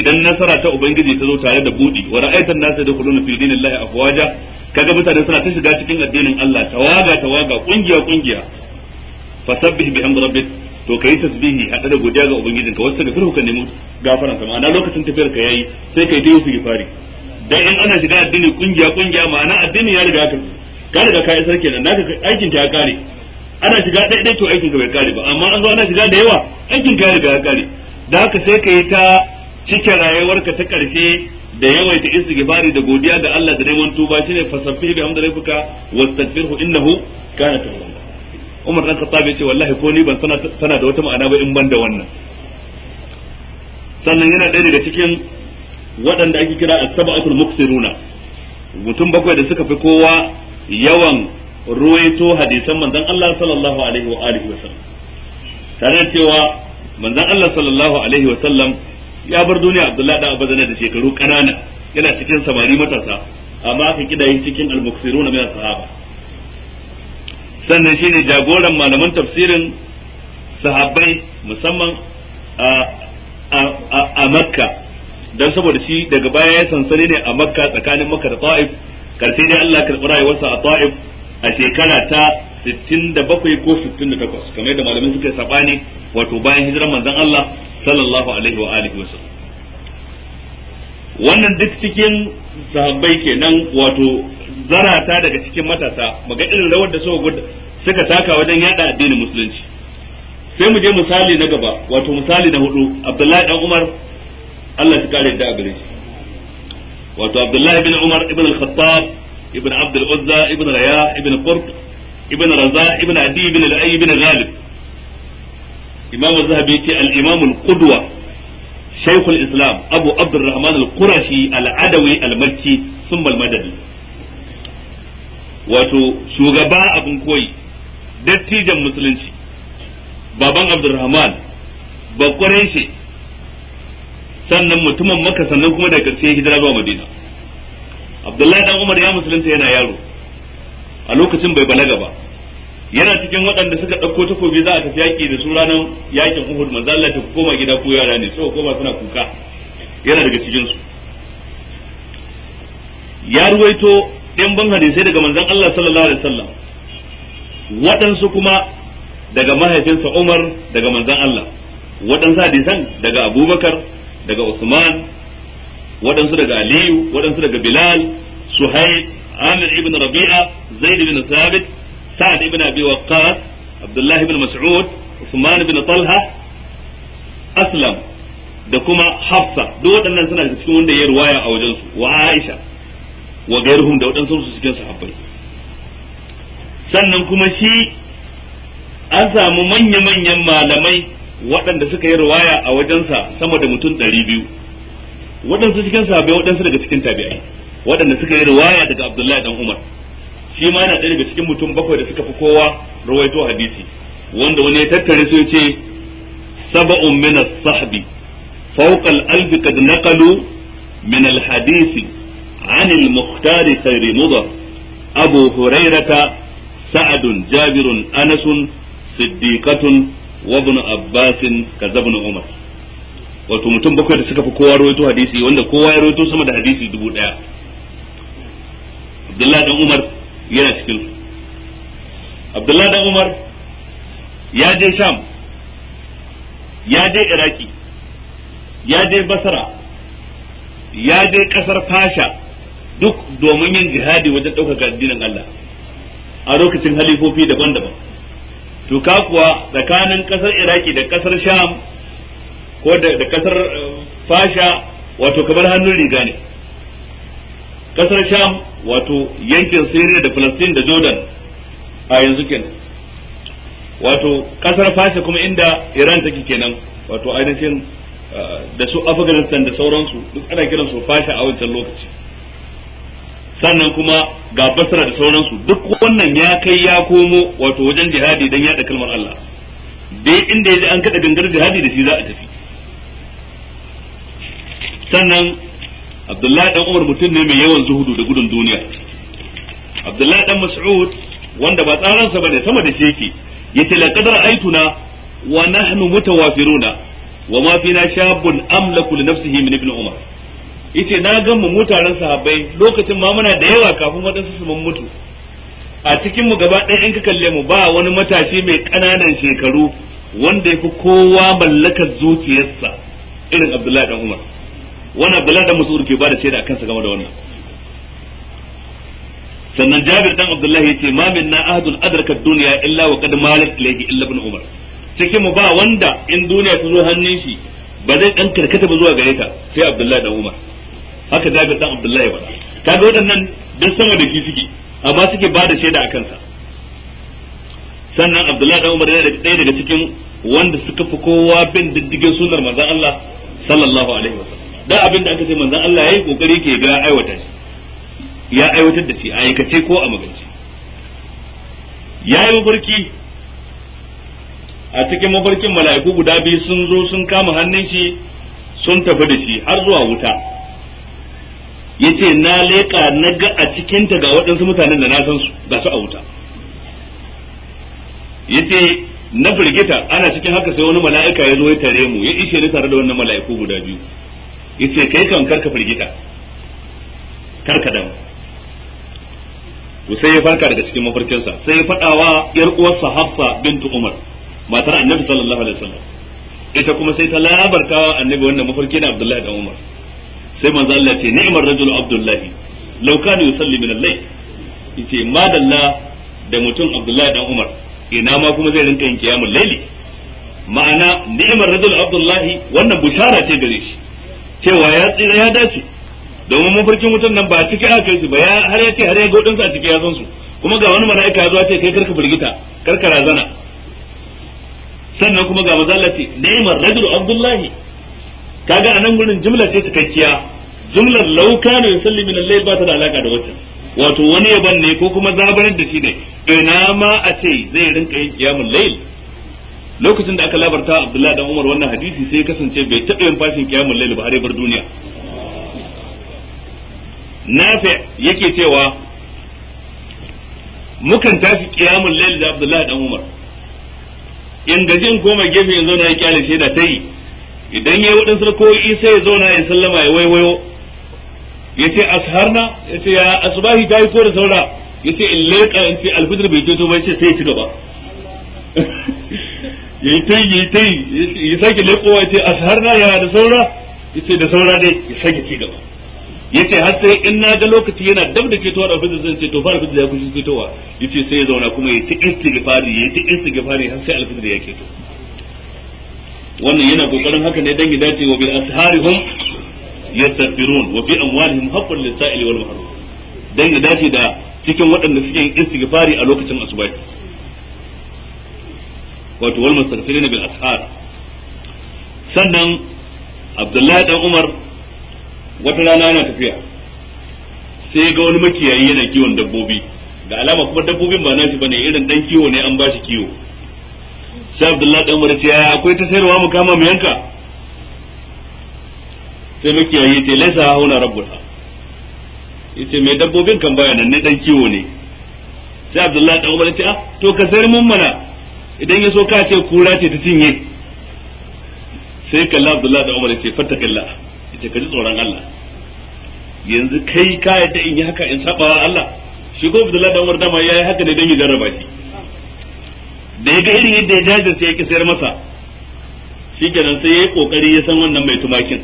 S1: idan nasara ta ubangiji ta zo tare da budi wa ra'aitan nasu yadkhuluna fi dinillahi afwaja kaga mutane suna ta shiga cikin addinin Allah tawaga tawaga kungiya kungiya fasabbih bihamdi rabbik to kai tasbihi hada da godiya ga Ubangijin ka wasu da firhu ka nemo gafaran sama ana lokacin tafiyar ka yayi sai kai ta yusu gifari dan in ana shiga addini kungiya kungiya ma'ana addini ya riga ka ka riga ka isar kenan naka aikin ta ya kare ana shiga ɗaya ɗaya to aikin ka bai kare ba amma an zo ana shiga da yawa aikin ka riga ya kare da haka sai ka yi ta cike rayuwarka ta karshe da yawaita istighfari da godiya ga Allah da neman tuba shine fasabbih bi hamdi rabbika wastaghfirhu innahu kana tawwaba Umar dan Khattab yace wallahi ko ni ban sana tana da wata ma'ana ba in ban da wannan sannan yana ɗaya daga cikin waɗanda ake kira as-sab'atul muqsiruna mutum bakwai da suka fi kowa yawan ruwaito hadisan manzon Allah sallallahu alaihi wa alihi tare cewa manzon Allah sallallahu alaihi ya bar duniya Abdullahi da Abazana da shekaru kanana yana cikin samari matasa amma aka kida yi cikin al na min sahaba sannan shine jagoran malaman tafsirin sahabbai musamman a Makka dan saboda shi daga baya ya sansani ne a Makka tsakanin Makka da Ta'if karshe dai Allah ya rayuwarsa a Ta'if a shekara ta 67 ko 68 kamar yadda malamin suka sabani wato bayan hijirar manzon Allah sallallahu alaihi wa alihi wasallam wannan duk cikin sahabbai kenan wato zarata daga cikin matasa maga irin rawar da suka suka taka wajen yada addinin musulunci sai mu je misali na gaba wato misali na hudu Abdullahi dan Umar Allah ya kare da gare wato Abdullahi bin Umar ibn al-Khattab ibn abd al-uzza ibn raya ibn qurt ibn raza ibn adi ibn al-ay ibn ghalib imam az-zahabi yace al islam abu abd rahman al-qurashi al-adawi al wato shugaba abin koyi dattijan musulunci baban abdurrahman bakwarai shi sannan mutumin maka sannan kuma daga karshe hijira zuwa madina abdullahi dan umar ya musulunta yana yaro a lokacin bai balaga ba yana cikin waɗanda suka ɗauko takobi za a tafi yaƙi da su ranar yaƙin uhud manzo Allah ta koma gida ko yara ne ko koma suna kuka yana daga cikin su ya ruwaito ban hadisai daga manzon Allah sallallahu alaihi wasallam waɗansu kuma daga mahaifinsa Umar daga manzan Allah waɗansu hadisan daga Abubakar daga Usman waɗansu daga aliyu waɗansu daga bilal suhaib amir ibn rabi'a zaid ibn thabit sa'ad ibn abi waqqas abdullah ibn mas'ud usman ibn talha aslam da kuma hafsa duk waɗannan suna cikin wanda ya ruwaya a wajensu wa aisha wa gairuhum da waɗansu su cikin sahabbai sannan kuma shi an samu manya-manyan malamai waɗanda suka yi ruwaya a wajensa sama da mutum ɗari biyu waɗansu cikin sahabbai waɗansu daga cikin tabi'ai waɗanda suka yi riwaya daga Abdullahi dan Umar shi ma yana ɗaya daga cikin mutum bakwai da suka fi kowa rawaito hadisi wanda wani ya tattare su ce sab'un min as-sahbi fawqa al-alf qad naqalu min al-hadisi عن المختار خير مضر أبو هريرة سعد جابر أنس صديقة وابن عباس كذا ابن عمر wato mutum bakwai da suka fi kowa rawaito hadisi wanda kowa ya rawaito sama da hadisi dubu daya abdullahi dan umar yana cikin abdullahi dan umar ya je sham ya je iraki ya je basra ya je kasar fasha duk domin yin jihadi wajen ɗaukaka addinin Allah a lokacin halifofi daban-daban to kuwa tsakanin kasar iraki da kasar sham ko da kasar eh, fasha wato kamar hannun riga ne kasar sham wato yankin syria da palestine da jordan a yanzu kenan wato kasar fasha kuma inda iran take kenan wato ainihin eh, da su afghanistan da sauransu duk ana kiransu fasha a wancan lokaci sannan kuma ga basra da sauransu duk wannan ya kai ya komo wato wajen jihadi don yada kalmar Allah dai inda ya ji an kada gangar jihadi da shi za a tafi sannan abdullahi dan umar mutum ne mai yawan zuhudu da gudun duniya abdullahi dan mas'ud wanda ba tsaransa bane sama da sheki yace laqad aituna wa nahnu mutawafiruna wa ma fina shabun amlaku li nafsihi min ibn umar yace na ga mu mutaren sahabbai lokacin ma muna da yawa kafin wadansu su mun mutu a cikin mu gaba ɗaya in ka kalle mu ba wani matashi mai ƙananan shekaru wanda yafi kowa mallakar zuciyarsa irin abdullahi dan umar wannan Abdullahi dan Mas'ud ke ba da shaida akan sa game da wannan sannan Jabir dan Abdullahi yace ma na ahadun adraka dunya illa wa qad malat ilayhi illa ibn Umar cikin mu ba wanda in duniya ta zo hannun shi ba zai dan karkata ba zuwa gare ta sai Abdullahi dan Umar haka Jabir dan Abdullahi ba kaga waɗannan dan sama da shi suke amma suke ba da shaida a kansa sannan Abdullahi dan Umar yana ɗaya daga cikin wanda suka fi kowa bin diddigin sunnar manzon Allah sallallahu alaihi wasallam dan abin da aka ce manzon Allah yayi kokari ke ga aiwata shi ya aiwatar da shi a aikace ko a magance yayi mafarki a cikin mafarkin mala'iku guda biyu sun zo sun kama hannun shi sun tafi da shi har zuwa wuta yace na leka na ga a cikin ga waɗansu mutanen da na san su ga su a wuta yace na firgita ana cikin haka sai wani mala'ika ya zo ya tare mu ya ishe ni tare da wannan mala'iku guda biyu yace kai kan karka firgita karka damu sai ya farka daga cikin mafarkinsa sai ya fadawa yar uwarsa Hafsa bintu Umar matar Annabi sallallahu alaihi wasallam ita kuma sai ta labarta Annabi wannan mafarkin Abdullahi dan Umar sai manzo Allah ce ni'mar rajul Abdullahi law kana yusalli min al-layl yace madalla da mutum Abdullahi dan Umar ina ma kuma zai rinka yin kiyamul laili ma'ana ni'mar rajul Abdullahi wannan bushara ce gare shi cewa ya tsira ya dace domin mafarkin wutan nan ba ciki aka kai su ba har ya ce har ya godin a ciki ya san su kuma ga wani mala'ika ya zo ce kai karka burgita karka razana sannan kuma ga mazallati neman rajul abdullahi kaga anan gurin jumla ce cikakkiya jumlar law kana yusalli min al-layl ba ta da alaka da wata wato wani yaban ne ko kuma zabarin da shi ne ina ma a ce zai rinka yin qiyamul layl lokacin da aka labarta Abdullahi dan Umar wannan hadisi sai kasance bai taɓa yin fashin kiyamul laili ba har bar duniya Nafi yake cewa mukan tashi kiyamul laili da Abdullahi dan Umar in gajin ko mai gefe yanzu na yake shi da tai idan yayi wadansu rakoyi sai ya zauna ya sallama ya waiwayo yace asharna yace ya asbahi tayi ko da saura yace in leka in ce alfitr bai fito ba yace sai ya ci gaba yayi tai yayi yi ya sake lekowa yace na ya da saura yace da saura dai ya sake ci gaba yace har sai in na ga lokaci yana dab da fitowar abin da zan ce to fara fitar ya kushi fitowa yace sai ya zauna kuma ya ta istighfari ya ta istighfari har sai alfitar ya keto wannan yana kokarin haka ne dan ya dace wa bil asharihum yastaghfirun wa bi amwalihim haqqul lisa'il wal mahrum dan ya dace da cikin waɗanda suke yin istighfari a lokacin asubahi wato wal mustaghfirina bil ashar sannan abdullahi dan umar wata rana yana tafiya sai ga wani makiyayi yana kiwon dabbobi da alama kuma dabbobin ba nashi bane irin dan kiwo ne an ba shi kiwo sai abdullahi dan umar ce ya akwai ta sayarwa mu kama mu yanka sai makiyayi ce laisa hauna rabbuka yace mai dabbobin kan baya nan ne dan kiwo ne sai abdullahi dan umar ya ce ah to ka sayar mun mana idan ya so ka ce kura ce ta cinye sai kalla abdullahi da umar ce ce kalla ita ka ji tsoron Allah yanzu kai ka ta in yi haka in wa Allah shi ko abdullahi da umar dama ya yi haka ne idan yi jarraba shi da ya ga irin yadda ya jajirce ya ki sayar masa shi kenan sai ya yi kokari ya san wannan mai tumakin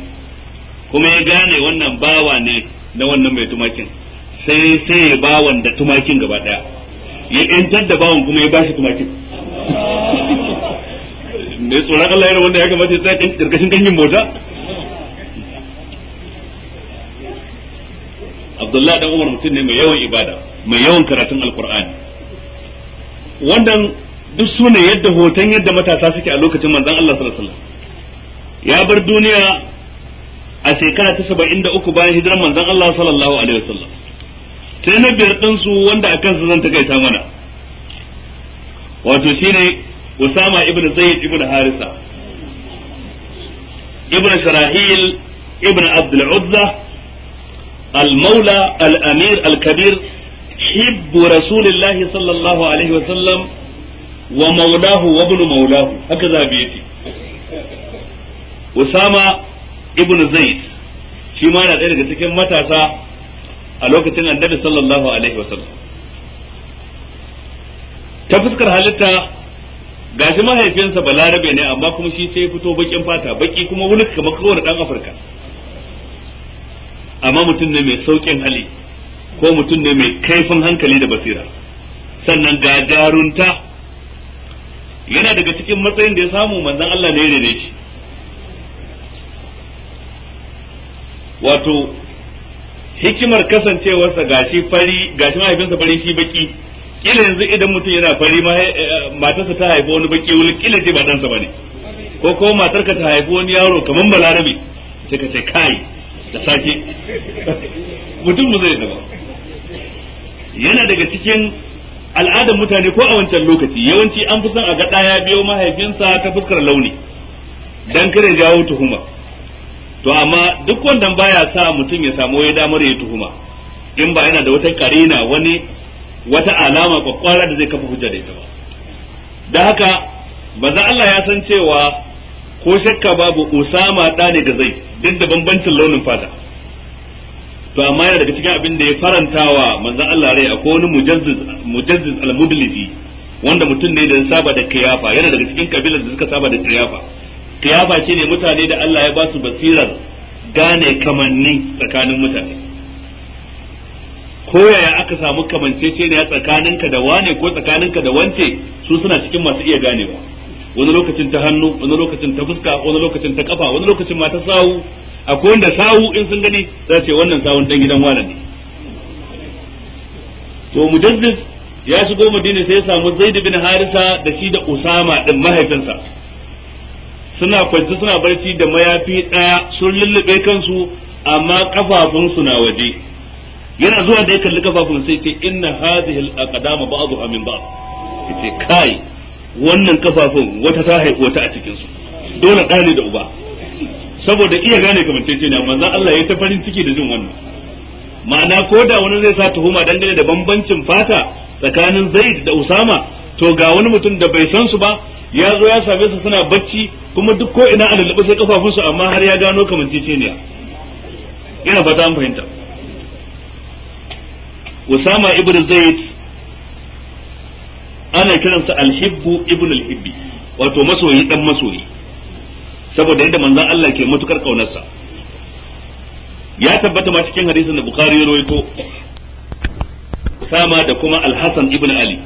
S1: kuma ya gane wannan bawa ne na wannan mai tumakin sai sai ya bawan da tumakin gaba daya ya yantar da bawan kuma ya bashi tumakin mai tsoron Allah yana wanda ya kamata ya tsaya karkashin dangin mota Abdullahi dan Umar mutum ne mai yawan ibada mai yawan karatun alkur'ani wannan duk su ne yadda hoton yadda matasa suke a lokacin manzon Allah sallallahu alaihi wasallam ya bar duniya a shekara ta uku bayan hijirar manzon Allah sallallahu alaihi wasallam sai na biyar ɗinsu wanda a kansa zan gaita mana wato shine Usama ibn Zaid ibn Harisa ibn Sharahil ibn Abd al-Uzza al-Mawla al-Amir al-Kabir حب رسول الله wa الله wa وسلم ومولاه وابن مولاه هكذا بيتي Usama ibn Zaid shi ma yana ɗaya daga cikin matasa a lokacin annabi sallallahu alaihi wasallam ta fuskar halitta gashi mahaifinsa balarabe ne amma kuma shi sai fito bakin fata baki kuma wani kamar kowane dan afirka amma mutum ne mai saukin hali ko mutum ne mai kaifin hankali da basira sannan ga jarunta yana daga cikin matsayin da ya samu manzon Allah ne ne shi wato hikimar kasancewarsa gashi fari mahaifinsa fari shi baki kila yanzu idan mutum yana fari ma eh, eh, matarsa ta haifi wani baki wani kila ce ba dansa bane ko ko matarka ta haifi wani yaro kaman balarabe sai ka ce kai da sake [laughs] mutum mu zai zama yana daga cikin al'adar mutane ko a wancan lokaci yawanci an fi son a ga ɗaya biyo mahaifinsa ta fuskar launi dan kare jawo tuhuma to amma duk wanda baya sa mutum ya samu ya damar ya tuhuma in ba yana da wata karina wani wata alama kwakwara da zai kafa hujja da ita ba da haka maza Allah ya san cewa ko shakka babu Usama ɗa ne ga zai duk da bambancin launin fata to amma yana daga cikin abin da ya farantawa manzon Allah rai akwai wani mujazziz al-mudlisi wanda mutum ne da saba da kiyafa yana daga cikin kabilar da suka saba da kiyafa kiyafa shine mutane da Allah ya ba su basirar gane kamanni tsakanin mutane ko yaya aka samu kamanceceniya tsakaninka da wane ko tsakaninka da wance su suna cikin masu iya ganewa wani lokacin ta hannu wani lokacin ta fuska wani lokacin ta kafa wani lokacin ma ta sawu akwai wanda sawu in sun gani za ce wannan sawun dan gidan wane ne to mujaddid ya shigo madina sai ya samu zaid bin harisa da shi da usama din mahaifinsa suna kwanci suna barci da mayafi daya sun lullube kansu amma kafafunsu na waje yana zuwa da ya kalli kafafun sai ce inna hadhihi al-aqdama ba'dha min ba'd yace kai wannan kafafun wata ta haifi wata a cikin su dole gane da uba saboda iya gane kamantacce ne manzon Allah ya ta farin ciki da jin wannan ma'ana ko da wani zai sa tuhuma dangane da bambancin fata tsakanin Zaid da Usama to ga wani mutum da bai san su ba ya zo ya same su suna bacci kuma duk ko ina a lalabe sai kafafunsu amma har ya gano kamantacce ne ina fata an fahimta usama ibn zaid ana kiransa alhibbu ibn alhibbi wato masoyi dan masoyi saboda yadda manzon Allah ke matukar kaunarsa ya tabbata ma cikin hadisin da bukhari ya rawaito usama da kuma Alhassan ibn ali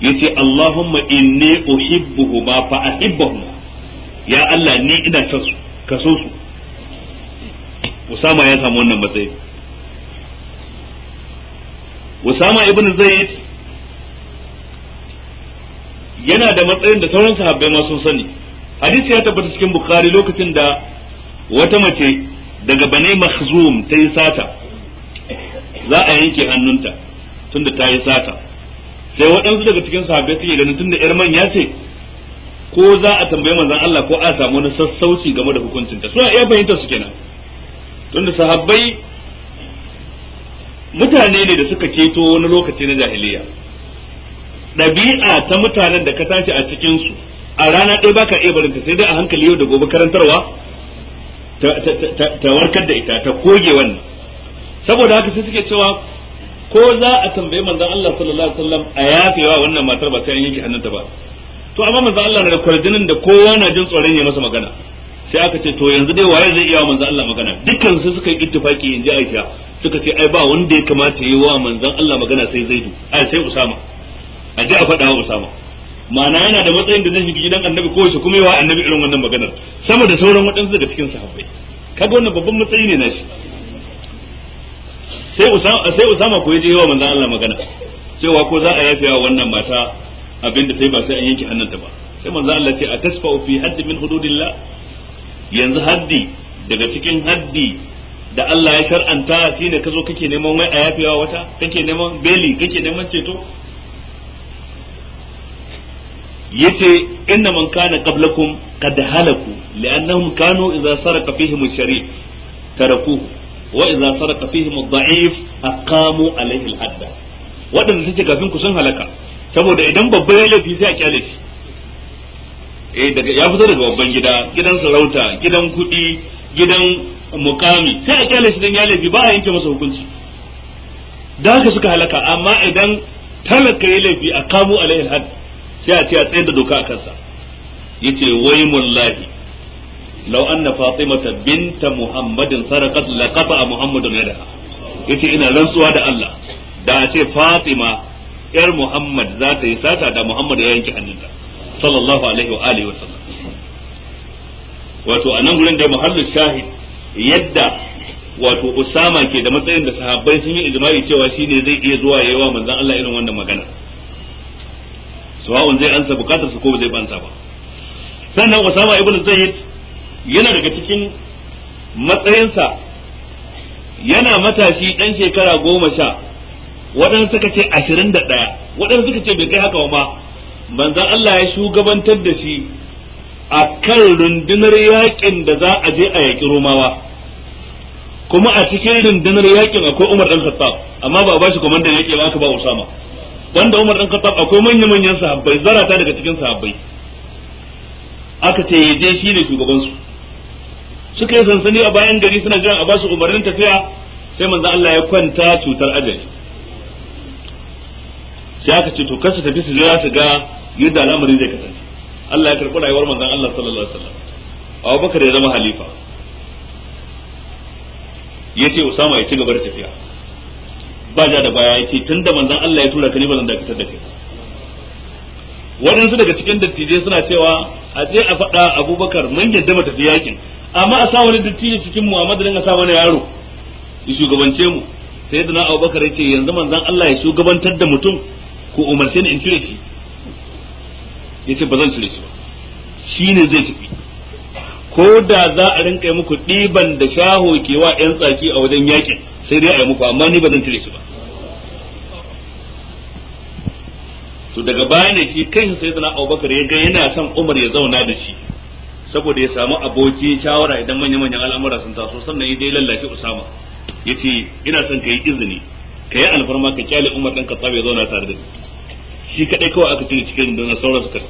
S1: yace allahumma inni uhibbuhuma fa ahibbahuma ya Allah ni ina son su ka so su usama ya samu wannan matsayi usama ibn zaid yana da matsayin da sauran sahabbai ma sun sani hadisi ya tabbata cikin bukhari lokacin da wata mace daga bane makhzum ta yi sata za a yanke hannunta tunda ta yi sata sai waɗansu daga cikin sahabbai suke ganin tunda yar manya ce ko za a tambaye manzon Allah ko a samu wani sassauci game da hukuncinta suna iya fahimtar su kenan tunda sahabbai mutane ne da suka ceto wani lokaci na jahiliya ɗabi'a ta mutanen da ka tashi a cikinsu a rana ɗaya baka iya barinta sai dai a hankali yau da gobe karantarwa ta warkar da ita ta koge wannan saboda haka sai suke cewa ko za a tambayi manzon Allah sallallahu alaihi wasallam a yafewa wannan matar ba sai an yanke hannunta ba to amma manzon Allah na da kwarjinin da kowa na jin tsoron ya masa magana sai aka ce to yanzu dai waye zai iya wa manzon Allah magana dukkan su suka yi ittifaki in Aisha suka ce ai ba wanda ya kamata yi wa manzon Allah magana sai Zaidu ai sai Usama a ji a faɗa wa Usama ma'ana yana da matsayin da zai shiga gidan annabi ko shi kuma yawa annabi irin wannan maganar sama da sauran waɗansu daga cikin sahabbai kaga wannan babban matsayi ne nashi sai Usama sai Usama ko yaje yawa manzon Allah magana cewa ko za a yafe wa wannan mata abinda sai ba sai an yanke hannunta ba sai manzon Allah ce a tasfa fi hadd min hududillah yanzu haddi daga cikin haddi da Allah ya shar'anta shine kazo kake neman wai a yafewa wata kake neman beli kake neman ceto yace inna man kana qablakum qad halaku li'annahum kanu idza sarqa fihim ash-sharif tarakuhu wa idza sarqa fihim ad-da'if aqamu alayhi al-hadda wadanda suke kafin ku sun halaka saboda idan babba ya laifi sai a kyale shi eh daga ya fito daga babban gida gidan sarauta gidan kuɗi gidan mukami sai a kyale shi dan ya laifi ba a yanke masa hukunci da haka suka halaka amma idan talaka ya laifi a kamo alaihi had sai a ce a tsayar da doka a kansa yace wai mullahi law anna fatimata binta muhammadin sarakat laqata muhammadun yada yace ina rantsuwa da Allah da a ce fatima yar muhammad za ta yi sata da muhammad ya yanke hannunta sallallahu alaihi wa alihi wa sallam wato anan gurin da muhallu shahid yadda wato Usama ke da matsayin da sahabbai sun yi ijma'i cewa shine zai iya zuwa wa manzon Allah irin wannan magana sawa'un zai ansa bukatar su ko zai banta ba sannan Usama ibn zayd yana daga cikin matsayinsa yana matashi dan shekara goma sha waɗansu suka ce ashirin da ɗaya waɗansu suka ce bai kai haka ba manzan Allah ya shugabantar da shi a kan rundunar yakin da za a je a yaƙi romawa kuma a cikin rundunar yakin akwai umar dan khattab amma ba a bashi komandan yaƙi ba aka ba usama wanda umar dan khattab akwai manya manyan sahabbai zarata daga cikin sahabbai aka ce ya je shi ne shugaban su suka yi sansani a bayan gari suna jiran a basu umarnin tafiya sai manzo Allah ya kwanta cutar ajali sai aka ce to kasu tafi su jira su ga yadda alamari zai kasance Allah ya karɓi rayuwar manzon Allah sallallahu alaihi wasallam Abu Bakar ya zama halifa yace Usama ya ci gaba da tafiya ba ja da baya yace tunda manzon Allah ya tura ka ne ba zan dakatar da kai waɗansu daga cikin dattijai suna cewa a je a faɗa Abubakar mun yadda mata tafi yakin amma a sa wani dattijai cikin mu a madadin a sa wani yaro ya shugabance mu sai da na Abubakar yace yanzu manzon Allah ya shugabantar da mutum ko umarce ni in cire shi yace ba zan cire shi ba shine zai tafi ko da za a rinka yi muku ɗiban da shaho ke wa yan tsaki a wajen yakin sai dai a yi muku amma ni ba zan cire shi ba to daga baya ne shi kan sai sana Abubakar ya ga yana son Umar ya zauna da shi saboda ya samu aboki shawara idan manya-manyan al'amura sun taso sannan ya dai lallashi Usama yace ina son ka yi izini ka yi alfarma ka kyale Umar dan ka ya zauna tare da ni shi kadai kawai aka cire cikin na sauran suka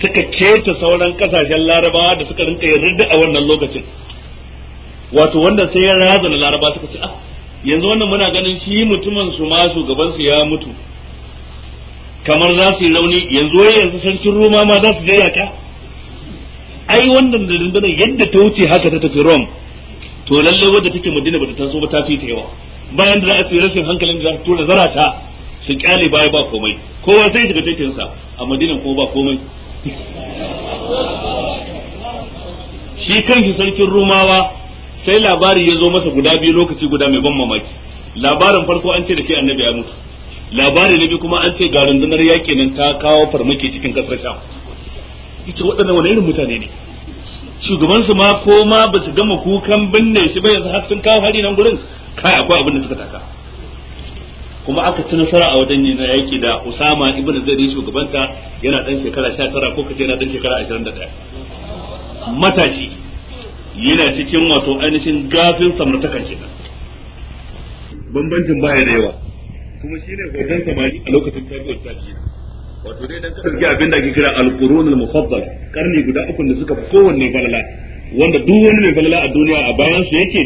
S1: suka keta sauran kasashen larabawa da suka rinka yarda a wannan lokacin wato wanda sai ya razana laraba suka ce ah, yanzu wannan muna ganin shi mutumin su ma shugaban su ya mutu kamar za su yi rauni yanzu wai yanzu sarkin roma ma za su je yaka ai wannan da rundunar yadda ta wuce haka ta tafi rom to lalle wadda take madina bata taso ba ta fi ta yawa bayan da za a ce rashin hankalin da za ta tura zarata su kyale baya ba komai kowa sai shiga taitayin sa a madinan ko ba komai shi kanshi sarkin rumawa sai labari ya zo masa guda biyu lokaci guda mai ban mamaki labarin farko an ce da ke annabi ya mutu labari na biyu kuma an ce ga rundunar yaƙi nan ta kawo farmaki cikin kasar sham ita waɗannan wani irin mutane ne shugaban su ma ko ma ba su gama kukan binne shi ba yanzu har sun kawo hari nan gurin kai akwai abin da suka taka kuma aka ci nasara a wajen yana yaki da Usama ibn Zaid shugabanta yana dan shekara 19 ko kace yana dan shekara 21 matashi yana cikin wato ainihin gafin samartakan kenan bambancin baya da yawa kuma shine hoton samari a lokacin tabiwar tabi'i wato dai dan kasance abin da ake kira al-qurun al-mufaddal karni guda uku da suka fi kowanne balala wanda duk wani mai balala a duniya a bayan su yake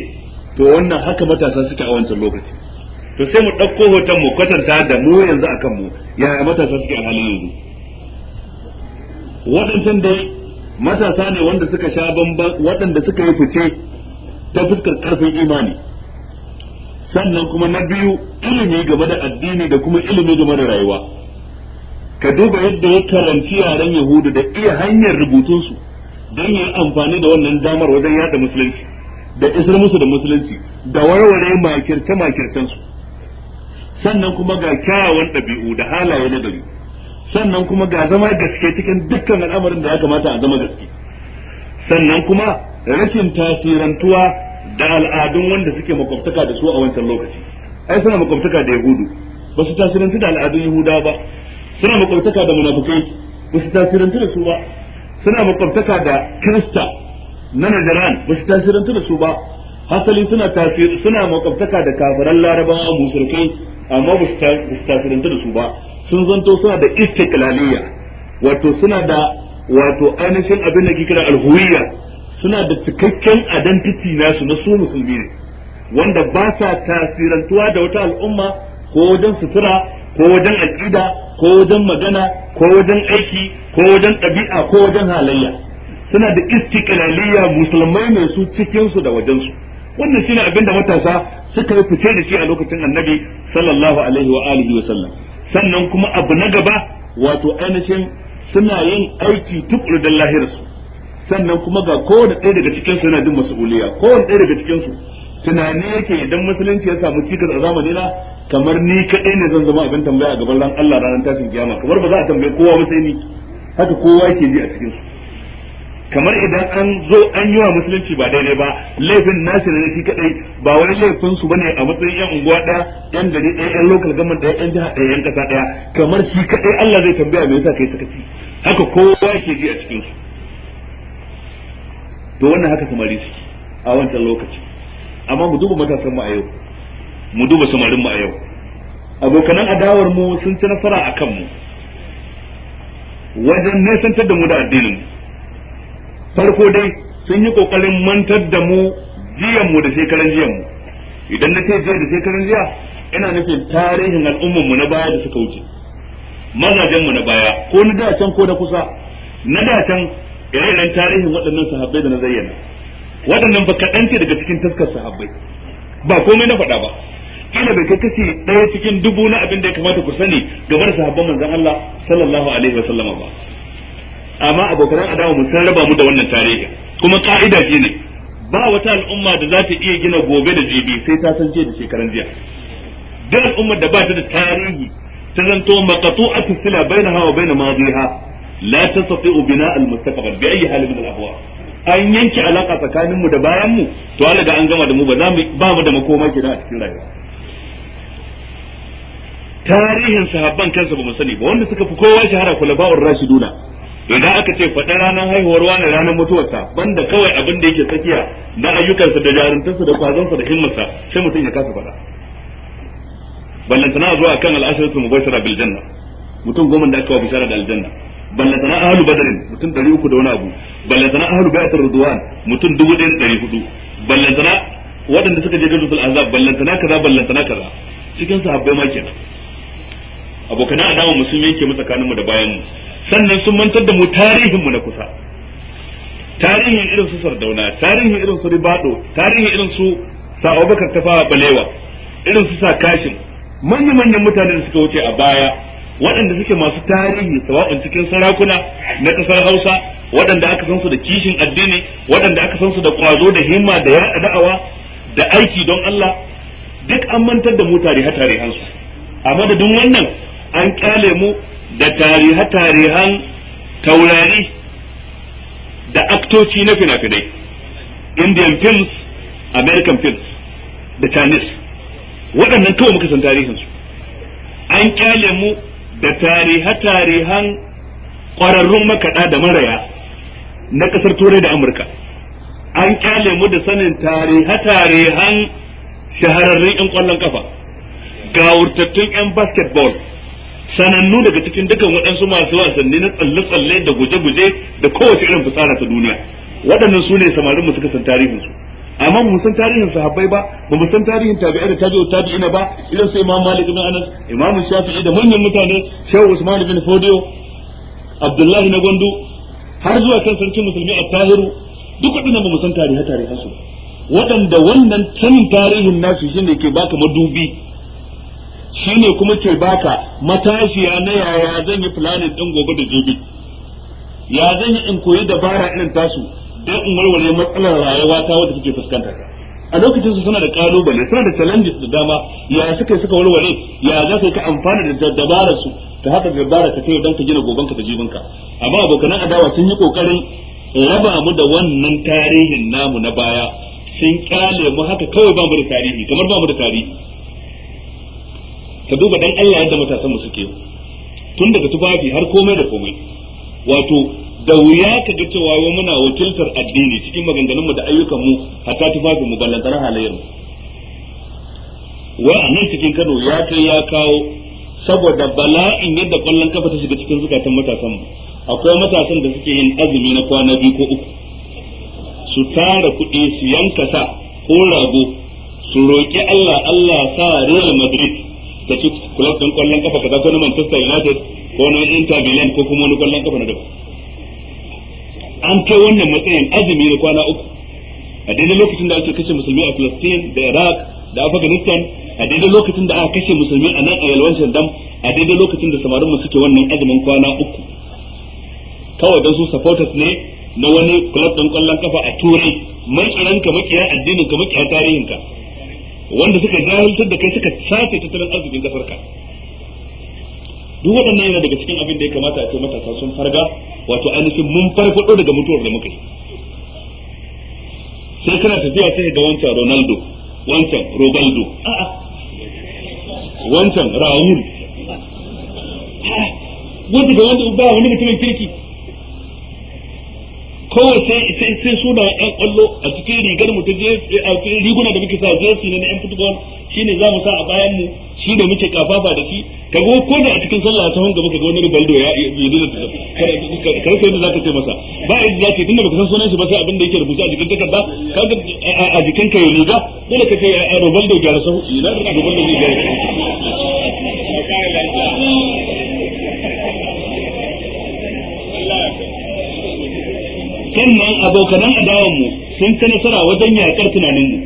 S1: to wannan haka matasa suke a wancan lokaci to sai mu ɗauko hoton mu kwatanta da mu yanzu a kanmu yaya matasa suke a halin yanzu waɗancan dai matasa ne wanda suka sha bamban waɗanda suka yi fice ta fuskar ƙarfin imani sannan kuma na biyu ilimi game da addini da kuma ilimi game da rayuwa ka duba yadda ya karanci yaren yahudu da iya hanyar rubutunsu don yi amfani da wannan damar wajen yada musulunci da isar musu da musulunci da warware makirce makircensu sannan kuma ga kyawawan ɗabi'u da halaye na gari sannan kuma ga zama gaske cikin dukkan al'amarin da ya kamata a zama gaske sannan kuma rashin tasirantuwa da al'adun wanda suke makwabtaka da su a wancan lokaci ai suna makwabtaka da yahudu ba su tasirantu da al'adun yahuda ba suna makwabtaka da munafukai ba su tasirantu da su ba suna makwabtaka da kirista na najaran ba su tasirantu da su ba hasali suna tasir suna makwabtaka da kafiran larabawa musulkai amma ba su tasirantu da su ba sun zanto suna da istiklaliya wato suna da wato ainihin abin da ke kira alhuriya suna da cikakken identity nasu na su musulmi ne wanda ba sa tasirantuwa da wata al'umma ko wajen sutura ko wajen aƙida ko wajen magana ko wajen aiki ko wajen ɗabi'a ko wajen halayya suna da istiklaliya musulmai ne su cikinsu da wajensu wannan shine abin da matasa suka yi fice da shi a lokacin annabi sallallahu alaihi wa alihi wa sallam sannan kuma abu na gaba wato ainihin suna yin aiki tukuru da lahirsu sannan kuma ga kowane ɗaya daga cikin su yana jin mas'uliya kowane ɗaya daga cikin su tunani yake idan musulunci ya samu cikas a zamani na kamar ni kaɗai ne zan zama abin tambaya a gaban ran Allah ranar tashin kiyama kamar ba za a tambaye kowa ba sai ni haka kowa yake ji a cikin su kamar idan an zo an yi wa musulunci ba daidai ba laifin nasu ne shi kadai ba wani laifin su bane a matsayin yan unguwa da yan gari da yan local government da yan jiha da yan kasa daya kamar shi kadai Allah zai tambaya me yasa kai sakaci haka kowa ke ji a cikin su to wannan haka samari shi a wancan lokaci amma mu duba matasan mu a yau mu duba samarin mu a yau abokanan adawar mu sun ci nasara akan mu wajen nesantar da mu da addinin mu farko dai sun yi kokarin mantar da mu jiyan mu da shekaran jiyan idan na ce jiya da shekaran jiya ina nufin tarihin al'ummar mu na baya da suka wuce mazajen mu na baya ko na da can ko na kusa na da can tarihin waɗannan sahabbai da na zayyana waɗannan ba kaɗan ce daga cikin taskar sahabbai ba komai na faɗa ba kila bai kai kashi ɗaya cikin dubu na abin da ya kamata ku sani game da sahabban manzon Allah sallallahu alaihi wa sallama ba amma abokan adawa mu sun raba mu da wannan tarihi kuma ka'ida ne ba wata al'umma da za ta iya gina gobe da jibi sai ta san da shekaran jiya duk al'umma da ba ta da tarihi ta zanto at sila bainaha wa bain madiha la tastati'u bina' al-mustaqbal bi ayyi halin min al-ahwa an yanke alaka tsakanin mu da bayan mu to Allah da an gama da mu ba za mu ba mu da makoma kenan a cikin rayuwa tarihin sahabban kansa ba mu sani ba wanda suka fi kowa shahara ba'ur rashiduna idan aka ce faɗi ranar haihuwar wani ranar mutuwarsa banda kawai abin da yake tsakiya na ayyukansa da jarumtarsa da kwazonsa da himmarsa sai mutum ya kasa faɗa ballantana zuwa kan al'asharatul mubashara bil janna mutum goma da aka wa bishara da aljanna ballantana ahlu badrin mutum 300 da wani abu ballantana ahlu bayatar ridwan mutum 1400 ballantana waɗanda suka je gazutul azab ballantana kaza ballantana kaza cikin sahabbai ma kenan abokan adawa musulmi yake mu tsakaninmu da bayanmu. sannan sun mantar da mu tarihin mu na kusa tarihin irin su sardauna tarihin irin su ribado tarihin irin su sa abubakar ta fara balewa irin su sa kashin manyan manyan mutane da suka wuce a baya waɗanda suke masu tarihi sawa'un cikin sarakuna na ƙasar hausa waɗanda aka san su da kishin addini waɗanda aka san su da ƙwazo da himma da yaɗa da'awa da aiki don Allah duk an mantar da mu tariha tarihansu a madadin wannan an kyale mu da tarihe-tarihen taurari da aktoci na fina-finai indian films american films da chinese waɗannan kawai muka san tarihinsu an kyale mu da tarihe-tarihen ƙwararrun makaɗa da maraya na ƙasar turai da amurka an kyale mu da sanin tarihe-tarihen shahararrun 'yan ƙwallon ƙafa, kafa wurtattun 'yan basketball sanannu daga cikin dukan waɗansu masu wasanni na tsalle-tsalle da guje-guje da kowace irin fitsara ta duniya waɗannan su ne samarin mu suka san tarihin su amma mu san tarihin sahabbai ba ba mu san tarihin tabi'a da tabi'u tabi'ina ba idan su imam malik ibn anas imam shafi'i da manyan mutane shehu usman bin fodiyo abdullahi na gondo har zuwa kan sarkin musulmi a tahiru duk waɗannan ba mu san tarihi tarihin su waɗanda wannan sanin tarihin nasu shine ke baka madubi shine kuma ke baka matashiya na yaya zan yi planning din gobe da jibi ya zan yi in koyi dabara irin tasu dan in warware matsalar rayuwa ta wadda suke fuskanta a lokacin su suna da kalubale suna da challenges da dama ya suka suka warware ya za ka yi ka amfana da dabarar su ta haka dabara ta kai don ka gina gobanka da jibinka amma abokanan adawa sun yi kokarin raba mu da wannan tarihin namu na baya sun kyale mu haka kawai ba mu da tarihi kamar ba mu da tarihi ka duba dan Allah yadda matasan mu suke tun daga tufafi har komai da komai wato da wuya ka ga cewa yau muna wakiltar addini cikin maganganun mu da ayyukan mu hatta tufafi mu ballantar halayyar mu wai a cikin Kano ya kai ya kawo saboda bala'in yadda kwallon kafa ta shiga cikin zukatan matasan mu akwai matasan da suke yin azumi na kwana biyu ko uku su tara kuɗi su yanka sa ko rago su roƙi Allah Allah sa Real Madrid ta ci club din kwallon kafa kaza ko na Manchester United ko na Inter Milan ko kuma wani kwallon kafa na daban an kai wannan matsayin azumi na kwana uku a daidai lokacin da ake kashe musulmi a Palestine da Iraq da Afghanistan a daidai lokacin da aka kashe musulmi a nan a yalwan dam a daidai lokacin da samarin suke wannan azumin kwana uku kawai don su supporters ne na wani club don kwallon kafa a Turai mai tsaron ka makiya addinin ka makiya tarihin ka wanda suka jahiltar da kai suka sace tattalin arzikin kasar ka duk waɗannan yana daga cikin abin da ya kamata a ce matasa sun farga wato ainihin mun farfaɗo daga mutuwar da muka yi sai kana tafiya sai ga wancan Ronaldo wancan Robaldo a'a wancan Raul wanda ga wanda ba wani mutumin kirki kawai sai sai sunayen yan kwallo a cikin rigar mu ta je a cikin riguna da muke sa jersey ne na yan football shine za mu sa a bayan mu shi shine muke kafafa da shi kaga ko da a cikin sallah sahun gaba kaga wani ribaldo ya yi da kar kai da zaka ce masa ba yadda zaka tunda baka san sunan shi ba sai abin da yake rubuta a jikin takarda kaga a jikin kai riga dole ka ce ribaldo gyara sahu ina ribaldo zai gyara
S2: sannan abokanan
S1: adawanmu sun ta nasara wajen yakar tunaninmu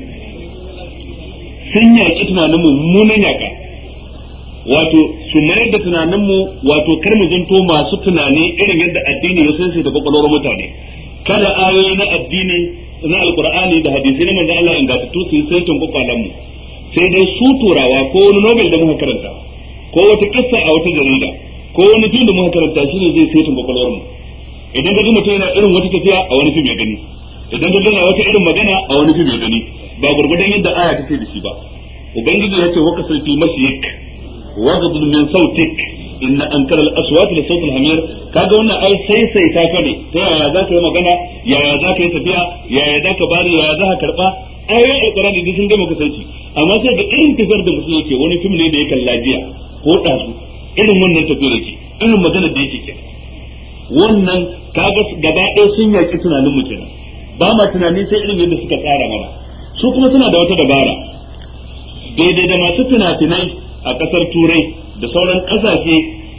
S1: sun yaki tunaninmu munan yaka wato su mayar da tunaninmu wato kar mu zanto masu tunani irin yadda addini ya sanse da kwakwalwar mutane kada ayoyi na addini na alkur'ani da hadisi na manzo Allah ingantattu su yi saitin mu sai dai su turawa ko wani nobel da muka karanta ko wata kissa a wata jarida ko wani tun da muka karanta shine zai saitin kwakwalwarmu mu idan ka ji mutum yana irin wata tafiya a wani fim ya gani idan ka gana wata irin magana a wani fim ya gani ba gurgurdan yadda aya take da shi ba ubangiji ya ce wa kasar mashi mashiyik wa gudun min sautik inna ankara al-aswat li sautin hamiyar hamir kaga wannan ai sai sai ta kare ta yaya za ka yi magana yaya za ka yi tafiya yaya za ka bari yaya za ka karba ayoyin alqur'ani duk sun gama kusanci amma sai da irin tafiyar da mutum yake wani fim ne da ya kalla jiya ko dazu irin wannan tafiyar yake irin magana da yake kenan wannan kaga gaba ɗaya sun yaki tunanin mu kenan ba ma tunani sai irin yadda suka tsara mana su kuma suna da wata dabara daidai da masu tunatunai a ƙasar turai da sauran ƙasashe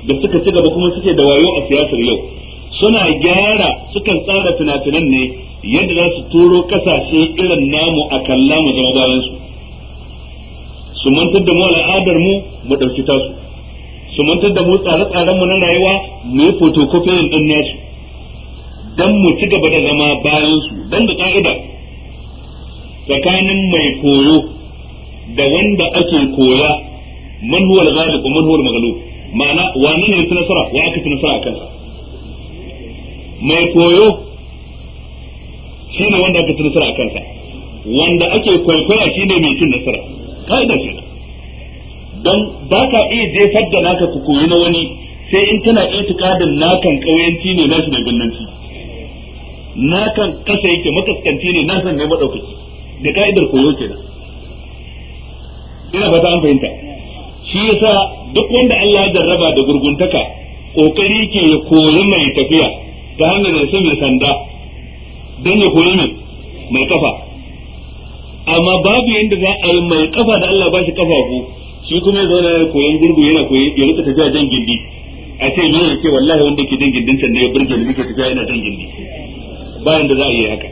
S1: da suka ci gaba kuma suke da wayo a siyasar yau suna gyara sukan tsara tunatunan ne yadda za su turo ƙasashe irin namu a kalla mu zama bayansu su mantar da mu al'adar mu mu ɗauki tasu su mantar da mu tsare-tsaren mu na rayuwa mu yi photocopying din nasu dan mu ci gaba da zama bayan su dan da ka'ida tsakanin mai koyo da wanda ake koya man huwa al-ghalib wa man huwa al-maghlub ma'ana wani ne ya nasara wa aka ci nasara kansa mai koyo shine wanda aka ci nasara kansa wanda ake kwaikwaya shine mai cin nasara ka'ida kenan don ba ka iya jefar da naka ku koyi na wani sai in kana itikadin nakan kauyanci ne nashi da binnanci nakan kasa yake makaskanci ne nasan ne madaukaki da ka'idar koyo kenan ina fata an fahimta shi yasa duk wanda Allah ya jarraba da gurguntaka kokari ke ya koyi mai tafiya ta hanyar ya mai sanda don ya koyi mai mai kafa amma babu yadda za a yi mai kafa da Allah ba shi kafafu shi kuma ya zauna ya koyan gurgu yana koyi ya rika tafiya jan gindi a ce yana ce wallahi wanda ke jan gindin can ne ya burge ni nake tafiya yana jan gindi bayan da za a yi haka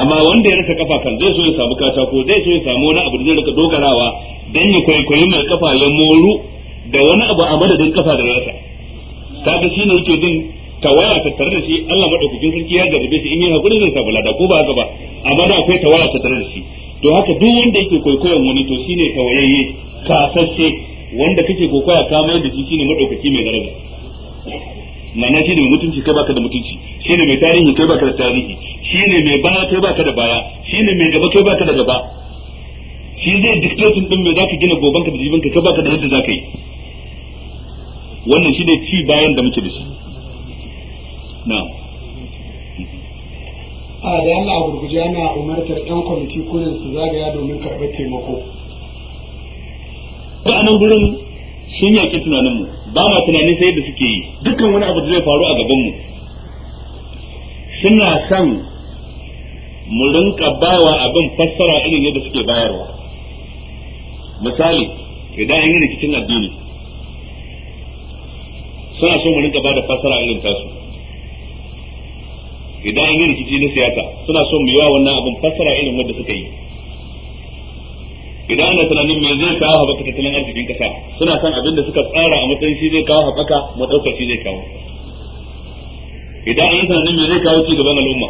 S1: amma wanda ya rika kafa kan zai so ya samu katako zai so ya samu wani abu da zai rika dogarawa dan ya kwaikwayi mai kafa ya moru da wani abu a madadin kafa da ya rasa kaga shine yake jin tawaya tattare da shi Allah madaukakin sarki ya jarrabe shi in yi hakuri zai samu lada ko ba haka ba amma da akwai tawaya tattare da shi to haka duk wanda yake kwaikwayon wani to shine tawayayye kasashe wanda kake kokoya ka mai da shi shine madaukaki mai daraja ma'ana shine mai mutunci kai baka da mutunci shine mai tarihi kai baka da tarihi shine mai baya kai baka da baya shine mai gaba kai baka da gaba shi zai dictating din mai zaka gina ka da ka kai baka da yadda zaka yi wannan shine ci bayan da muke da shi na'am a da yalla a gurguje ana umartar ɗan kwamiti kurin su zagaya domin karɓar taimako a nan gurin sun yaƙi tunaninmu ba ma tunanin sai da suke yi dukkan wani abu da zai faru a gabanmu suna san mu rinka bawa abin fassara irin yadda suke bayarwa misali idan an yi rikicin addini suna so mu rinka ba da fassara irin tasu idan an yi rikici na siyasa suna son mu yi wa wannan abin fassara irin wanda suka yi idan ana tunanin me zai kawo haɓaka tattalin arzikin ƙasa suna son abin da suka tsara a matsayin shi zai kawo haɓaka ɗaukar shi zai kawo idan yi tunanin me zai kawo cigaban al'umma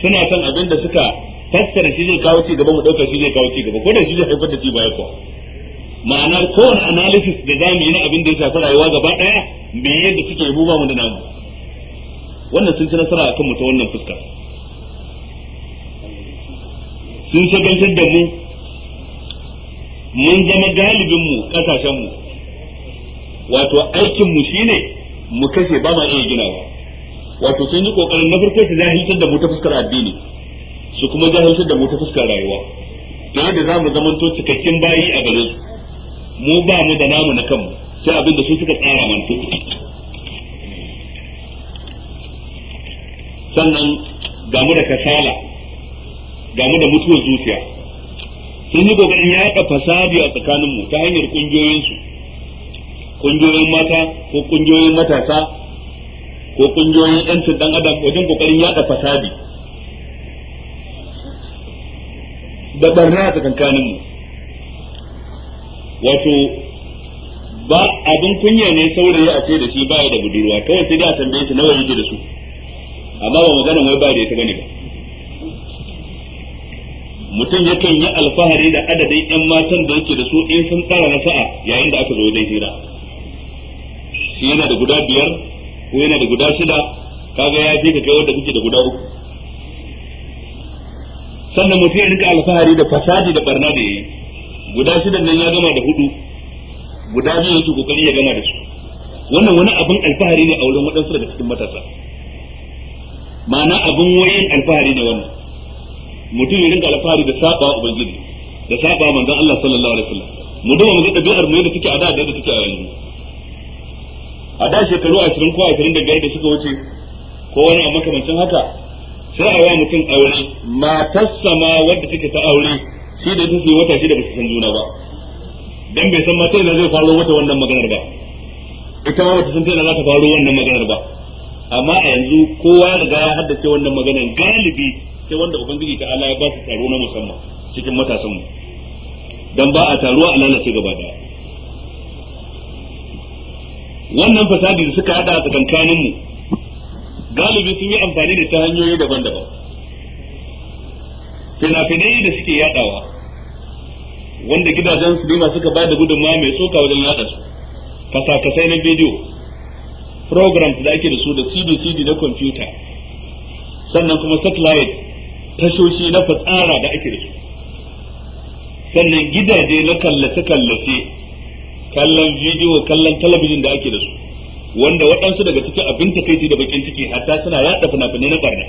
S1: suna son abin da suka fassara shi zai kawo cigaba ɗaukar shi zai kawo cigaba ko da shi zai haifar da ci baya kuwa ma'anar kowane analysis da za mu yi na abin da ya shafi rayuwa gaba ɗaya me yadda suke yi ba mu da namu wannan sun ci nasara akan mu ta wannan fuska sun shagaltar da mu mun zama galibin mu kasashen mu wato aikin mu shine mu kashe ba ma iya ginawa wato sun yi kokarin na su jahiltar da mu ta fuskar addini su kuma jahiltar da mu ta fuskar rayuwa ta yadda za mu zamanto cikakken bayi a gare su mu ba mu da namu na kanmu sai abinda su suka tsara mana sannan gamu da kasala gamu da mutuwar zuciya sun yi ya yaɗa fasadi a tsakaninmu ta hanyar ƙungiyoyinsu ƙungiyoyin mata ko ƙungiyoyin matasa ko ƙungiyoyin 'yancin ɗan adam wajen kokarin yaɗa fasadi da barna a tsakaninmu. wato ba abin kunya ne saurayi a ce da shi ba ya da budurwa kawai sai da a tambaye shi nawa yake da su amma ba magana mai ba da ita gani ba mutum yakan yi alfahari da adadin yan matan da yake da su in sun tsara na sa'a yayin da aka zo wajen hira shi yana da guda biyar ko yana da guda shida kaga ya fi ka kai wanda kuke da guda uku sannan mutum ya rika alfahari da fasadi da barna da yayi guda shidan nan ya gama da hudu guda biyu yake kokari ya gama da su wannan wani abin alfahari ne a wurin waɗansu daga cikin matasa ma'ana abin wayin alfahari ne wannan mutum yin da alfahari da saba ubangiji da saba manzon Allah sallallahu alaihi wasallam mu duba mu ga dabi'ar mu yadda take a da da take a yanzu a da shekaru 20 ko 25 da suka wuce ko wani a makamancin haka sai a wa mutum aure Matar sama wadda take ta aure shi da take wata shi da ba su san juna ba dan bai san ma da zai faro wata wannan maganar ba ita ma bata san ta za ta faro wannan maganar ba amma a yanzu kowa ya riga ya haddace wannan magana galibi sai wanda ubangiji ta Allah ya ba su taro na musamman cikin matasan mu dan ba a taruwa a lalace gaba daya wannan fasadi da suka hada a tsakanin mu galibi sun yi amfani da ta hanyoyi daban-daban fina-finai da suke yadawa wanda gidajen sinima suka ba da gudunmawa mai tsoka wajen yada su kasa-kasai na bidiyo programs da ake da su da cd-cd na kwamfuta sannan kuma satellite tashoshi na fatsara da ake da su sannan gidaje na kallace-kallace kallon bidiyo kallon talabijin da ake da su wanda waɗansu daga cikin abin takaici da bakin ciki hatta suna yaɗa fina-finai na barna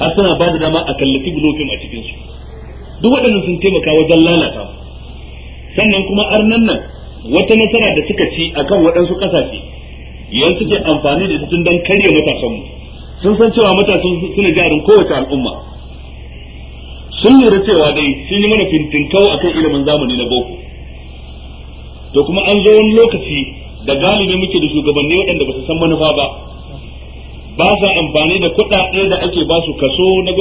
S1: har suna ba da dama a kallaci bulofin a cikinsu duk waɗannan sun taimaka wajen lalata sannan kuma arnan nan wata nasara da suka ci akan waɗansu ƙasashe yanzu suke amfani da ita tun dan karya matasanmu sun san cewa matasan suna jarin kowace al'umma sun lura cewa dai sun yi mana fintinkau akan ilimin zamani na boko to kuma an zo wani lokaci da galibi muke da shugabanni waɗanda ba su san manufa ba ba sa amfani da kuɗaɗe da ake ba su kaso na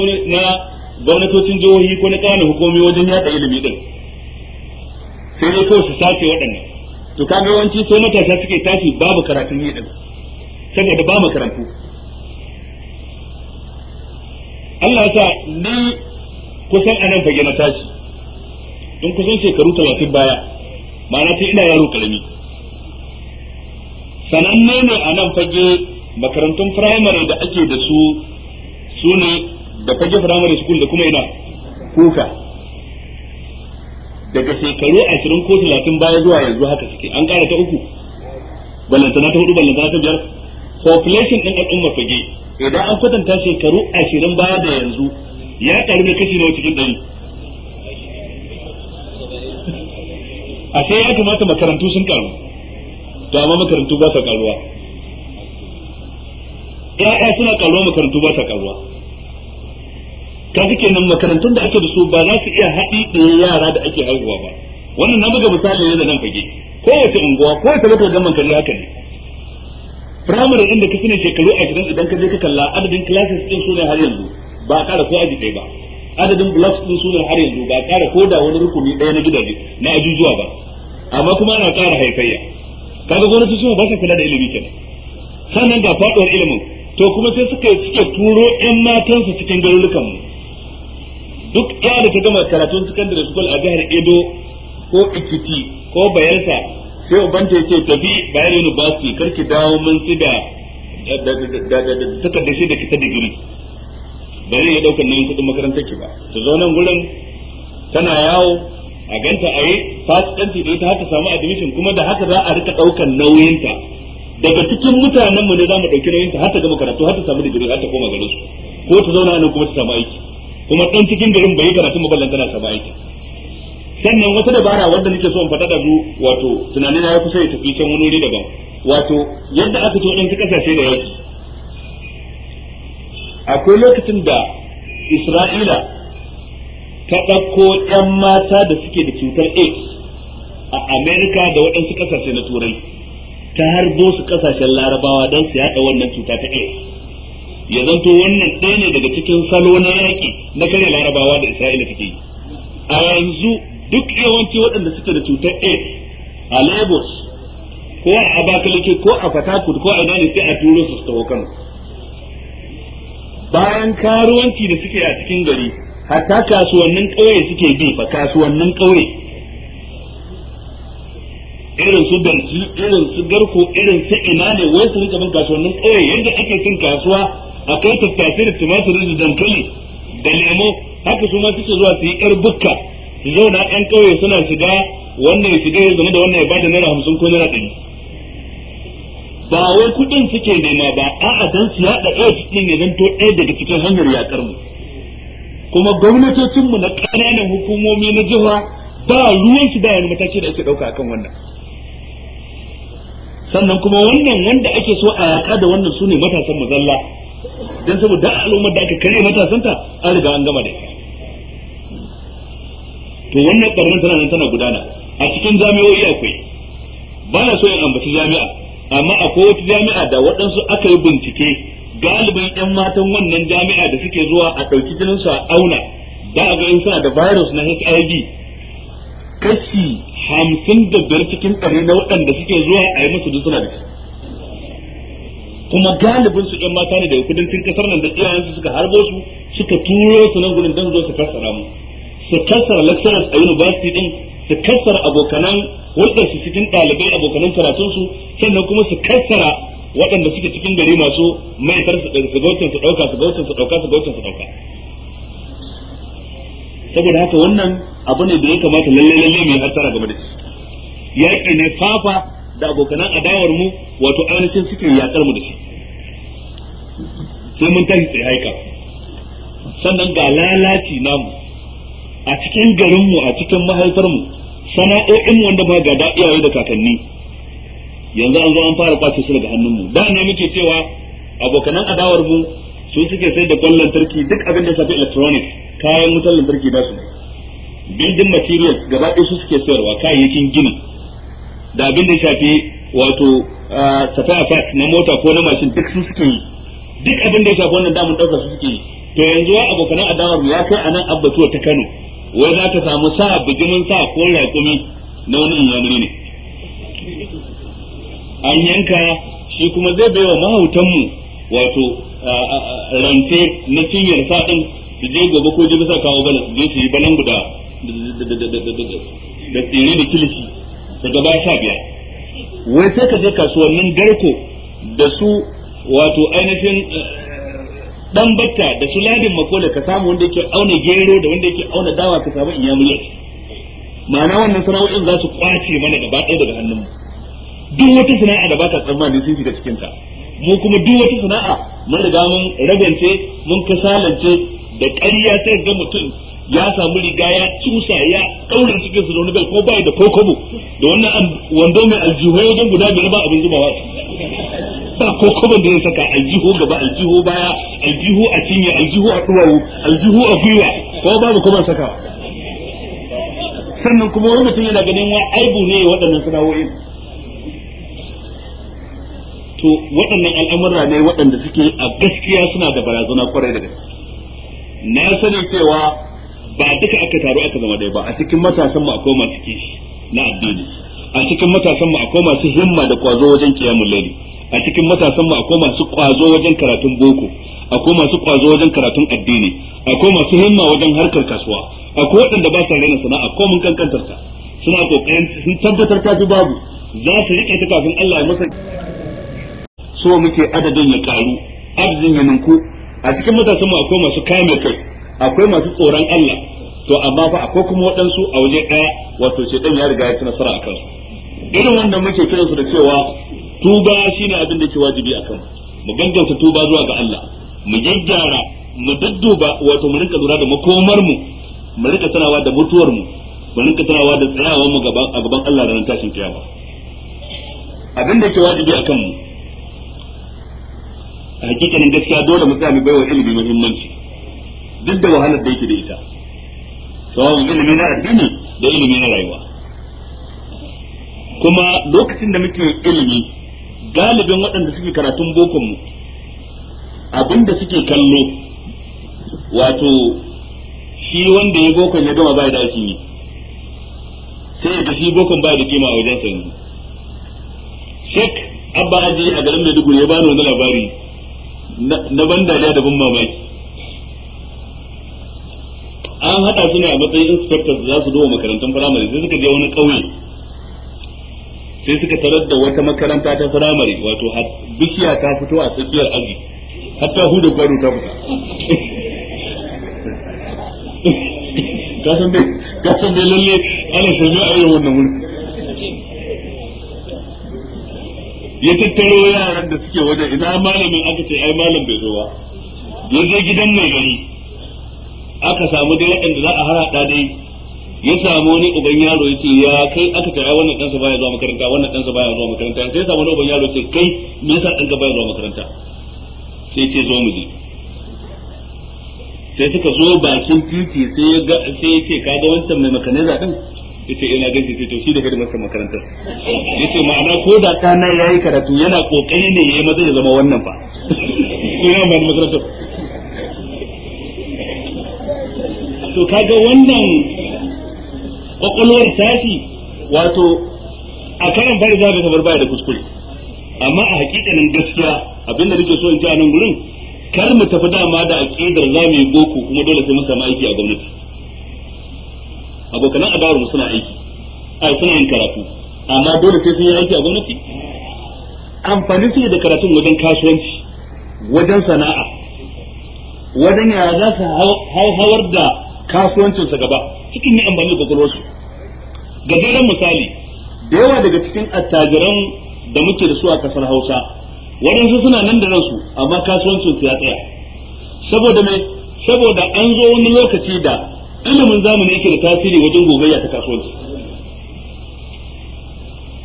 S1: gwamnatocin jihohi ko na ƙananan hukumi wajen yaɗa ilimi ɗin. sai dai kawai su sace waɗannan to ga wancin sai matasa suke tashi babu karatun yi din saboda ba makarantu Allah ya sa ni kusan a nan fage na tashi in kusan shekaru talatin baya ma'ana ta ina yaro karami sananne ne a nan fage makarantun firamare da ake da su su ne da fage firamare school da kuma ina kuka daga shekaru ashirin ko talatin baya zuwa yanzu haka suke an ƙara ta uku ballantana ta hudu ballantana ta biyar population ɗin al'umma fage idan an kwatanta shekaru ashirin baya da yanzu ya ƙaru da kashi nawa cikin dari a sai ya kamata makarantu sun ƙaru to amma makarantu ba sa ƙaruwa ya'ya suna ƙaruwa makarantu ba sa ƙaruwa ka suke nan makarantun da ake da su ba za su iya haɗi ɗaya yara da ake haihuwa ba wannan na buga misali ne da nan fage kowace unguwa kowace lokacin gaman kalli haka ne firamare ɗin da ka sani shekaru ashirin idan ka je ka kalla adadin classes ɗin su ne har yanzu ba a ƙara ko aji ɗaya ba adadin blocks ɗin su ne har yanzu ba a ƙara ko da wani rukuni ɗaya na gidaje na ajujuwa ba amma kuma ana ƙara haifayya kaga gwamnati suna ba sa kula da ilimi kenan sannan ga faɗuwar ilimin to kuma sai suka suke turo 'yan matansu cikin garurrukan mu duk ya da ta gama karatun secondary school a jihar Edo ko Ekiti ko Bayelsa sai ubanta ya ce tafi Bayero University karki dawo mun siga da takardar shi da ta digiri bari ya iya daukar nan kudin makarantar ki ba ta zo nan gurin tana yawo a ganta a yi fasikanci da ita haka samu admission kuma da haka za a rika daukar nauyinta daga cikin mutanen mu ne za mu dauki nauyinta har ta gama karatu har ta samu digiri har ta koma garin su ko ta zauna nan kuma ta samu aiki kuma dan cikin garin bai karatu maballan tana sa ba aikin sannan wata dabara wanda nake so in fada da zu wato tunanin ya kusa ya tafi can wani wuri daban wato yadda aka ci waɗansu ƙasashe da yaki akwai lokacin da isra'ila ta ɗauko ɗan mata da suke da cutar aids a amerika da waɗansu ƙasashe na turai ta harbo su ƙasashen larabawa don su yaɗa wannan cuta ta aids ya zanto wannan ɗaya ne daga cikin salo na yaƙi na kare larabawa da isra'ila take yi a yanzu duk yawanci waɗanda suke da cutar a a lagos ko a abakalike ko a fatakut ko a ne sai a turo su taho kano bayan karuwanci da suke a cikin gari hatta kasuwannin ƙauye suke bi fa kasuwannin ƙauye irin su danci irin su garko irin su ina ne wai su rika bin kasuwannin ƙauye yadda ake cin kasuwa akwai tattafi da tumatir da dankali da lemo haka su ma suke zuwa su yi yar bukka su zauna yan kauye suna shiga wannan shiga ya zama da wannan ya bada naira hamsin ko naira ɗari ba wai kuɗin suke nema ba a'a dan su yaɗa ɗaya cikin ya zanto ɗaya daga cikin hanyar yaƙar mu kuma gwamnatocinmu na ƙananan hukumomi na jiha ba ruwan su ba mataki da ake ɗauka akan wannan sannan kuma wannan wanda ake so a yaƙa da wannan su ne matasan mazalla dan saboda al'ummar da aka kare matasanta an riga an gama da ita to wannan karamin tana nan tana gudana a cikin jami'o'i akwai ba na so in ambaci jami'a amma akwai wata jami'a da waɗansu aka yi bincike galibin 'yan matan wannan jami'a da suke zuwa a ɗauki su a auna da a ga in suna da virus na HIV kashi hamsin da biyar cikin ɗari na waɗanda suke zuwa a yi musu duk suna da shi kuma galibin su ɗan mata ne daga kudancin kasar nan da su suka harbo su suka turo su nan gudun don zo su kasara mu su kasara lecturers a university din su kasara abokanan wadda su cikin ɗalibai abokanan karatun su sannan kuma su kasara waɗanda suke cikin gari masu maitar su su gautan su ɗauka su gautan su ɗauka su gautan su ɗauka saboda haka wannan abu ne da ya kamata lalle lalle mai hasara game da shi yaƙi ne fafa da abokanan adawar mu wato ainihin suke yakar mu da shi sai mun tashi sai haika sannan ga lalaci namu a cikin garin mu a cikin mahaifar mu sana'o'in wanda ba ga iyaye da kakanni yanzu an zo an fara kwace su daga hannun mu da na muke cewa abokanan adawar mu su suke sai da kwallon lantarki duk abin da shafi electronic kayan wutar lantarki da su ne Bindin materials gaba ɗaya su suke sayarwa kayayyakin gini da abin da shafi wato safa a na mota ko na mashin duk su suke yi duk abin da shafi wannan damun ɗaukar su suke yi to yanzu ya dawar adawar ya kai anan nan abbatuwa ta kano wai za ta samu sa bijimin sa ko raƙumi na wani inyamuri ne an yanka shi kuma zai bai wa mahautanmu wato rance na cinyar sa din su je gobe ko je sa kawo balas je su yi balan guda da tsere da kilishi su gaba sha biyar wai sai ka je kasuwannin garko da su wato ainihin dan eh, batta da su ladin makola ka samu wanda yake auna gero da wanda yake auna dawa ka samu iyamuri ma'ana wannan sana'o'in za su kwace mana gaba ɗaya daga hannunmu duk wata sana'a da baka tsammani sun shiga cikin ta mu kuma duk wata sana'a mun riga mun ragance mun kasalance da ƙarya ta ga mutum ya samu riga ya cusa ya daure cikin su da wani ko bai da kokobo da wannan wando mai aljihoi wajen guda biyar ba abin zuba ba kokobo da ya saka aljihu gaba aljihu baya aljihu a cinye aljihu a duwawu aljihu a gwiwa ko babu kuma saka sannan kuma wani mutum yana ganin wa aibu ne waɗannan sana'o'in to waɗannan al'amura ne waɗanda suke a gaskiya suna da barazana kwarai da gaske na sani cewa ba duka aka taru aka zama ɗaya ba a cikin matasan mu akwai masu kishi na addini a cikin matasan mu akwai masu himma da kwazo wajen kiyamul laili a cikin matasan mu akwai masu kwazo wajen karatun boko akwai masu kwazo wajen karatun addini akwai masu himma wajen harkar kasuwa akwai waɗanda ba sa raina sana'a ko mun kankantar ta suna kokarin sun tabbatar ta fi babu za su rike ta kafin Allah ya masa so muke adadin ya karu adadin ya ninku a cikin matasan mu akwai masu kame kai akwai masu tsoron Allah to amma fa akwai kuma waɗansu a waje ɗaya wato shedan ya riga ya ci nasara akan irin wanda muke kiran su da cewa tuba shine abin da ke wajibi akan mu gaggauta tuba zuwa ga Allah mu gyaggyara mu dadduba wato mu rinka lura da makomar mu mu rinka tunawa da mutuwar mu mu rinka tunawa da tsayawar mu gaban a gaban Allah ranar tashin kiyama abin da ke wajibi akan mu hakikanin gaskiya dole mu tsaya mu baiwa ilimi muhimmanci duk da wahalar da yake da ita sawabin ilimi na addini da ilimi na rayuwa kuma lokacin da muke ilimi galibin waɗanda suke karatun bokon abinda suke kallo wato shi wanda ya bokon ya gama bai da aikin yi sai da shi bokon bai da kima a wajen sanyi shek abba aji a garin maiduguri ya bani wani labari na ban dariya da ban mamaki an hada su ne a matsayin inspectors za su duba makarantun firamare sai suka je wani ƙauye sai suka tarar da wata makaranta ta firamare wato bishiya ta fito a tsakiyar aji hatta huda kwaro ta fita [laughs] kasan dai kasan dai lalle ana shirme a yi wannan wurin
S2: ya tattaro yaran da suke wajen ina
S1: malamin aka ce ai malam bai zo ba ya je gidan mai gani aka samu dai waɗanda za a harada dai ya samu wani uban yaro ya ce ya kai aka tara wannan ɗansa baya zuwa makaranta wannan ɗansa baya zuwa makaranta sai samu wani uban yaro ce kai me yasa ɗanka baya zuwa makaranta sai ce zo mu je sai suka zo bakin titi sai ya ga sai ya ce ka ga wancan mai makaniza din yace ina eh, ganin titi to shi da hidimar makarantar yace ma'ana ko da ɗana yayi karatu yana kokari ne ya maza ya zama wannan fa ko yana mai to kaga wannan kwakwalwar tashi wato a karan bari za ka bar baya da kuskure amma a hakikanin gaskiya abinda nake so in ji a nan gurin kar mu tafi dama da aqidar za mu yi boko kuma dole sai mun samu aiki a gwamnati abokan adawar mu suna aiki ai suna yin karatu amma dole sai sun yi aiki a gwamnati amfani su da karatun wajen kasuwanci wajen sana'a wajen yaya za su hauhawar da kasuwancinsa gaba cikin ni amfani da kwakwalwarsu gajeren misali da yawa daga cikin attajiran da muke da su a kasar hausa waɗansu suna nan da ransu amma su ya tsaya saboda me saboda an zo wani lokaci da ilimin zamani yake da tasiri wajen gogayya ta kasuwanci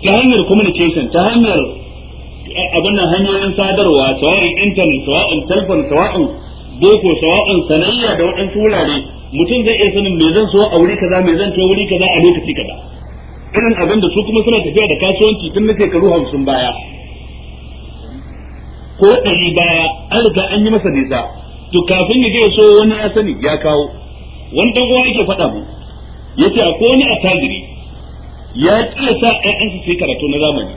S1: ta hanyar communication ta hanyar eh, abin hanyoyin sadarwa sawa'in intanet sawa'in telephone sawa'in boko sawa'un sanayya da waɗansu wurare mutum zai iya sanin me zan so a wuri kaza me zan kai wuri kaza a lokaci kaza irin abin da su kuma suna tafiya da kasuwanci tun na shekaru hamsin baya ko ɗari baya an riga an yi masa nisa to kafin ya je so wani ya sani ya kawo wani dan uwa yake faɗa mu yace akwai wani attajiri ya ƙi sa ƴaƴansa su karatu na zamani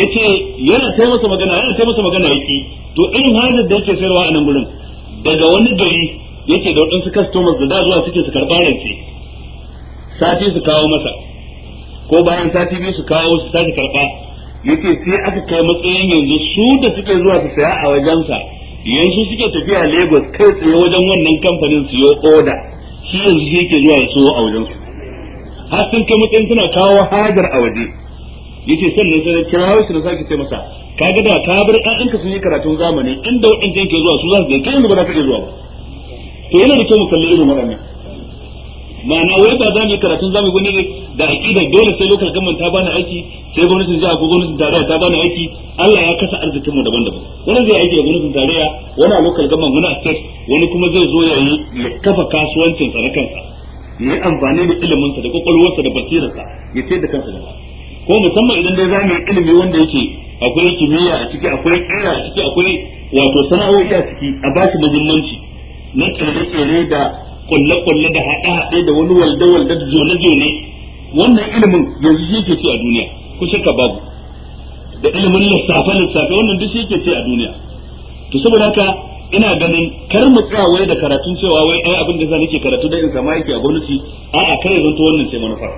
S1: yace yana taimaka masa magana yana taimaka masa magana yake to irin hajar da yake sayarwa a nan gurin daga wani gari yake da waɗansu customers da da zuwa suke su karɓa rance sati su kawo masa ko bayan sati biyu su kawo su sati karɓa yace sai aka kai matsayin yanzu su da suke zuwa su saya a wajensa yanzu suke tafiya Lagos kai tsaye wajen wannan kamfanin su yo oda shi yanzu shi yake zuwa ya a wajen su har sun kai matsayin suna kawo hajar a waje yace sannan sai kirawo hausa da sake ce masa kaga da ka bar ƴaƴanka sun yi karatun zamani inda waɗancan ke zuwa su za su je kai ba za ka iya zuwa ba to yana da kyau mu kalli irin waɗannan ma'ana wai ba za mu yi karatun zamani wani ne da aƙidar dole sai lokacin gaman ta bani aiki sai gwamnatin jiha ko gwamnatin tarayya ta bani aiki Allah ya kasa arzikin mu daban-daban wani zai aiki a gwamnatin tarayya wani a lokacin gaman wani a state wani kuma zai zo ya yi kafa kasuwancin sa na kansa ya yi amfani da iliminsa da kwakwalwarsa da basirarsa ya ce da kansa da ko musamman idan dai mu yi ilimi wanda yake akwai kimiyya a ciki akwai kira a ciki akwai wato sana'o'i a ciki a bashi muhimmanci na kere tsere da kwalle da haɗe-haɗe da wani walde-walde da zone-zone wannan ilimin yanzu shi ke ce a duniya ku shakka babu da ilimin lissafe-lissafe wannan duk shi ke ce a duniya to saboda haka ina ganin kar mu tsaya wai da karatun cewa wai ai abin da sa nake karatu da in sama yake a gwamnati a'a kar ya to wannan ce manufa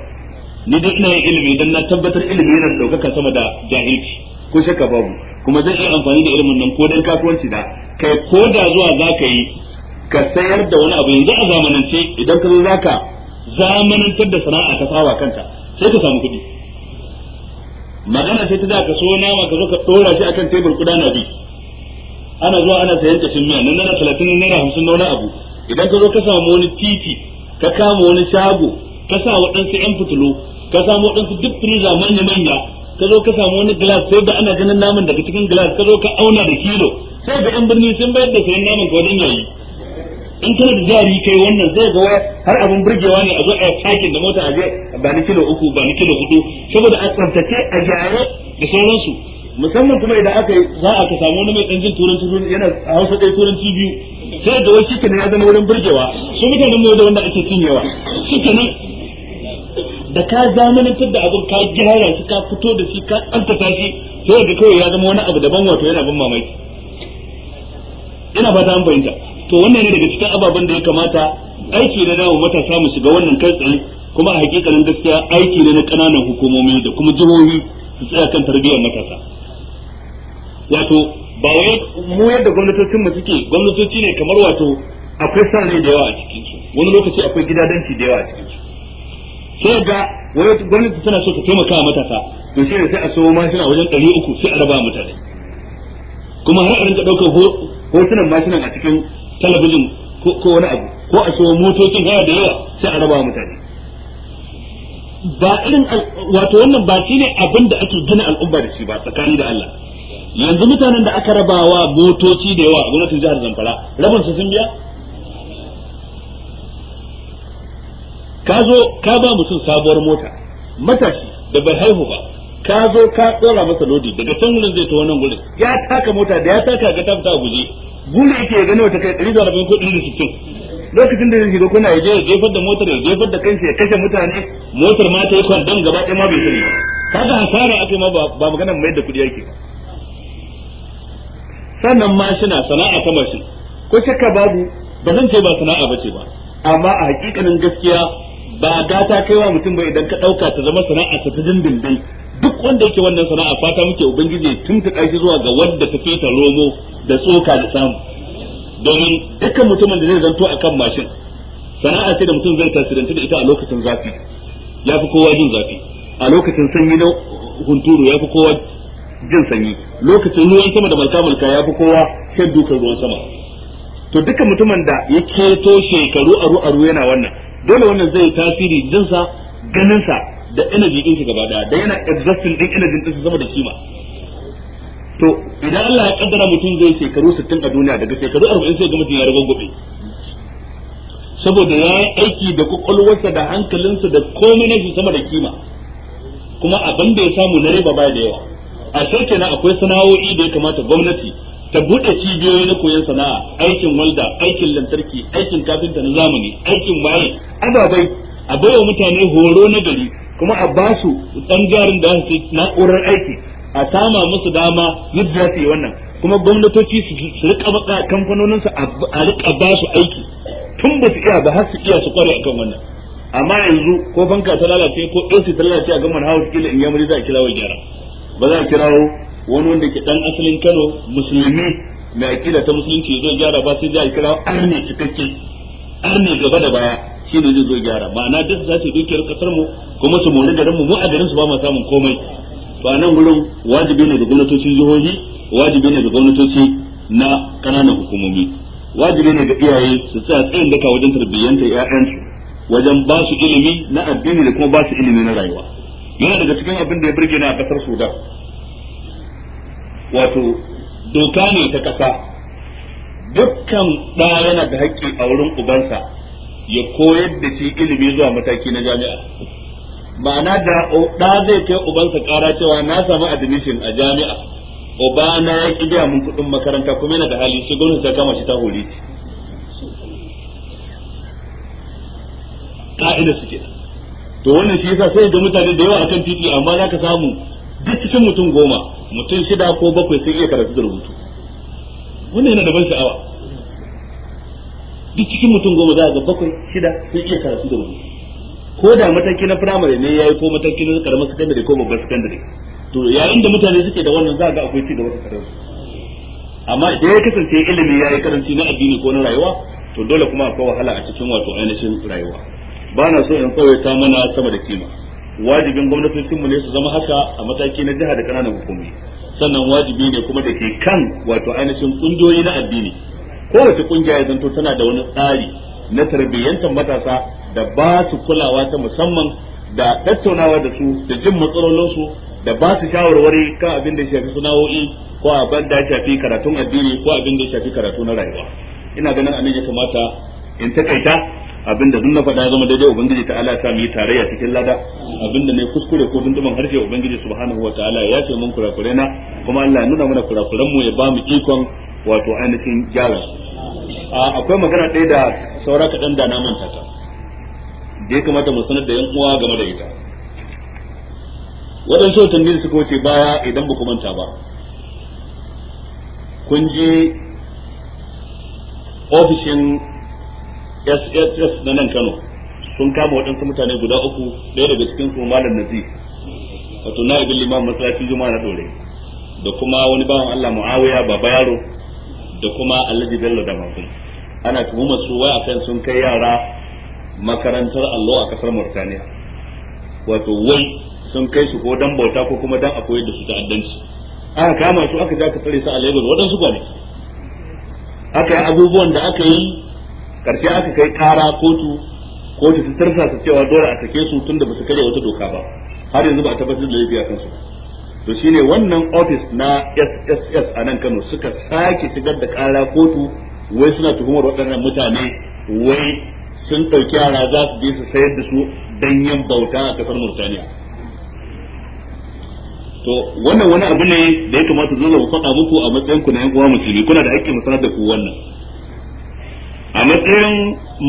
S1: ni dai ina yin ilimi dan na tabbatar ilimi yana daukaka sama da jahilci ko shakka babu kuma zai iya amfani da ilimin nan ko dan kasuwanci da kai ko da zuwa zaka yi ka sayar da wani abu yanzu a zamanance idan ka zo zaka zamanantar da sana'a ta fawa kanta sai ka samu kuɗi magana sai ta da ka so nama ka zo ka dora shi akan tebur kuda na bi ana zuwa ana sayan da miya nan naira talatin na naira hamsin na wani abu idan ka zo ka samu wani titi ka kama wani shago ka sa waɗansu yan fitilu ka samu waɗansu duk firiza manya-manya ka zo ka samu wani glass sai da ana ganin naman daga cikin glass ka zo ka auna da kilo sai da yan birni sun bayar da sayan naman ko wajen yayi in kana da jari kai wannan zai ga har abin burgewa ne a zo a fakin da mota a je ba ni kilo uku ba ni kilo hudu saboda a tsantace a gyare da sauransu musamman kuma idan aka za a ka samu wani mai dan jin turanci yana a hausa ɗaya turanci biyu sai da wai shi ya zama wurin burgewa su mutanen mu da wanda ake cinyewa shi kenan da ka zamanantar da abin ka gyara shi ka fito da shi ka tsantata shi sai da kawai ya zama wani abu daban wato yana ban mamaki Yana fata an fahimta to wannan ne daga cikin ababen da ya kamata aiki na namu matasa mu shiga wannan kai tsaye kuma a hakikalin gaskiya aiki ne na kananan hukumomi da kuma jihohi su tsaya kan tarbiyyar matasa wato ba wai mu yadda gwamnatocin mu suke gwamnatoci ne kamar wato akwai sa ne da yawa a cikin su wani lokaci akwai gidadanci da yawa a cikin su sai ga wani gwamnati tana so ta taimaka wa matasa to shi sai a so mashina wajen ɗari uku sai a raba mutane kuma har a rinka ɗaukar hotunan mashinan a cikin talabijin ko wani abu ko a so motocin haya da yawa sai a raba mutane ba irin wato wannan ba shi ne abin da ake gina al'umma da shi ba tsakani da Allah yanzu mutanen da aka rabawa motoci da yawa a gwamnatin jihar Zamfara rabin su sun biya ka zo ka ba mutum sabuwar mota matashi da bai haihu ba ka zo ka tsora masa lodi daga can wurin zai ta wannan gurin ya taka mota da ya taka ga ta fita guje gure yake ya gani wata kai kuɗi da sittin. lokacin da zai shiga kuna ya je ya jefar da motar ya jefar da kansa ya kashe mutane motar ma ta yi kwandon gaba ɗaya ma bai sani kaga hasara aka ma ba maganar mai da kuɗi yake ba sannan mashina sana'a ta mashin ko shakka babu ba zan ce ba sana'a ce ba amma a hakikanin gaskiya ba gata kai wa mutum ba idan ka ɗauka ta zama sana'a ta ta dindindin duk wanda yake wannan sana'a fata muke ubangiji tun ta kashi zuwa ga wanda ta feta romo da tsoka da samu domin dukkan mutumin da zai zanto kan mashin sana'a ce da mutum zai tasirantu da ita a lokacin zafi ya fi kowa jin zafi a lokacin sanyi na hunturu ya fi kowa jin sanyi lokacin ruwan sama da malka malka ya fi kowa shan dukan ruwan sama to dukkan mutumin da ya keto shekaru aru aru yana wannan dole wannan zai tasiri jinsa ganinsa da energy din shi gaba daya da yana exhausting din energy din sama da kima to idan Allah ya kaddara mutum zai shekaru 60 a duniya daga shekaru 40 sai ga mutum ya rugugube saboda ya yi aiki da kwakwalwarsa da hankalinsa da komai na sama da kima kuma abin da ya samu na riba ba da yawa a sai kenan akwai sana'o'i da ya kamata gwamnati ta bude cibiyoyi na koyon sana'a aikin walda aikin lantarki aikin kafinta na zamani aikin waye ababai a baiwa mutane horo na gari kuma a ba su dan garin da su na'urar aiki a sama musu dama yadda za su yi wannan kuma gwamnatoci su rika baka kamfanonin su a rika ba su aiki tun ba su iya ba har su iya su kware akan wannan amma yanzu ko banka ta lalace ko AC ta lalace a gaman house kila in yamuri za a kirawo gyara ba za a kirawo wani wanda ke dan asalin Kano musulmi mai akida ta musulunci zai gyara ba sai zai kira arne cikakke arne gaba da baya shi ne zai zo gyara ma'ana duk za su dukiyar kasar mu kuma su mori garin mu mu a garin su ba mu samun komai to a nan gurin wajibi ne ga gwamnatocin jihohi wajibi ne ga gwamnatoci na kananan hukumomi wajibi ne ga iyaye su tsaya tsayin daka wajen tarbiyyantar ƴaƴansu wajen ba su ilimi na addini da kuma ba su ilimi na rayuwa yana daga cikin abin da ya burge na a kasar Sudan wato doka ne ta kasa dukkan ɗa yana da haƙƙi a wurin ubansa ya koyar da shi ilimi zuwa mataki na jami'a ma'ana da ɗa zai kai ubansa ƙara cewa na samu admission a jami'a uba na ya ƙi biya mun kuɗin makaranta kuma yana da hali shi gwamnati ta kama shi ta hori shi ƙa'ida suke to wannan shi yasa sai da mutane da yawa akan titi amma za ka samu duk cikin mutum goma mutum shida ko bakwai sun iya karatu da rubutu wanda yana da ban sha'awa duk cikin mutum goma za a ga bakwai shida sun iya karatu da rubutu ko da mataki na firamare ne ya yi ko mataki na karamar sakandare ko babbar sakandare to yayin da mutane suke da wannan za a ga akwai ci da wasu karatu amma idan ya kasance ilimi ya yi karanci na addini ko na rayuwa to dole kuma akwai wahala a cikin wato ainihin rayuwa ba na so in ta mana sama da kima wajibin mu ne su zama haka a mataki na jiha da kananan hukumi sannan wajibi ne kuma da ke kan wato ainihin kungiyoyi na addini kowace kungiya ya zanto tana da wani tsari na tarbiyyantar matasa da ba su kulawa ta musamman da tattaunawa da su da jin matsalolinsu da ba su shawarwari kan abin da shafi sana'o'i ko abin da shafi karatun addini ko abin da shafi karatu na rayuwa ina ganin anan ya kamata in takaita abinda duk na faɗa zama daidai ubangiji ta ala sa mu yi tarayya cikin lada abinda ne kuskure ko dunduman harshe ubangiji subhanahu wataala ya ce mun kurakure na kuma Allah ya nuna mana kurakuren mu ya ba mu ikon wato ainihin gyara akwai magana ɗaya da saura kaɗan da na manta ta da ya kamata mu sanar da yan uwa game da ita waɗansu watanni da suka wuce baya idan ba ku manta ba kun je ofishin sss na nan kano sun kama waɗansu mutane guda uku ɗaya daga cikin su malam nazi wato na ibin liman masallacin juma'a na dore da kuma wani bawan allah muawiya baba yaro da kuma alhaji bello da Mafi ana tuhumar su wai akan sun kai yara makarantar allo a kasar Mauritania. wato wai sun kai su ko dan bauta ko kuma dan akwai da su ta'addanci aka kama su aka ja ka tsare su a lagos waɗansu ne aka yi abubuwan da aka yi karshe aka kai kara kotu kotu ta tarsa su cewa dole a sake su tunda ba su karya wata doka ba har yanzu ba a tabbatar da laifi a kansu to shine wannan office na SSS a nan Kano suka sake shigar da kara kotu wai suna tuhumar waɗannan mutane wai sun ɗauki yara za su je su sayar da su dan yin bauta a kasar Murtaniya to wannan wani abu ne da ya kamata zo mu faɗa muku a matsayin ku na yan uwa musulmi kuna da hakkin sanar da ku wannan a matsayin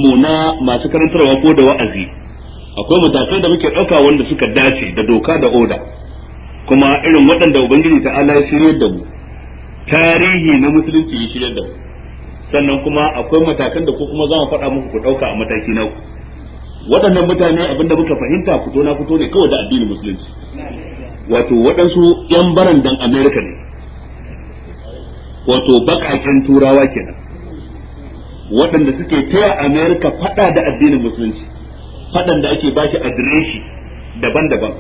S1: mu na masu karantarwa ko da wa'azi akwai matakai da muke ɗauka wanda suka dace da doka da oda kuma irin waɗanda ubangiji ta ala shirya da mu tarihi na musulunci ya shirya da mu sannan kuma akwai matakan da ko kuma za mu faɗa muku ku ɗauka a mataki na ku waɗannan mutane abinda muka fahimta fito na fito ne kawai da addinin musulunci wato waɗansu yan barandan amerika ne wato baƙaƙen turawa kenan waɗanda suke taya amerika faɗa da addinin musulunci faɗan da ake ba shi adireshi daban-daban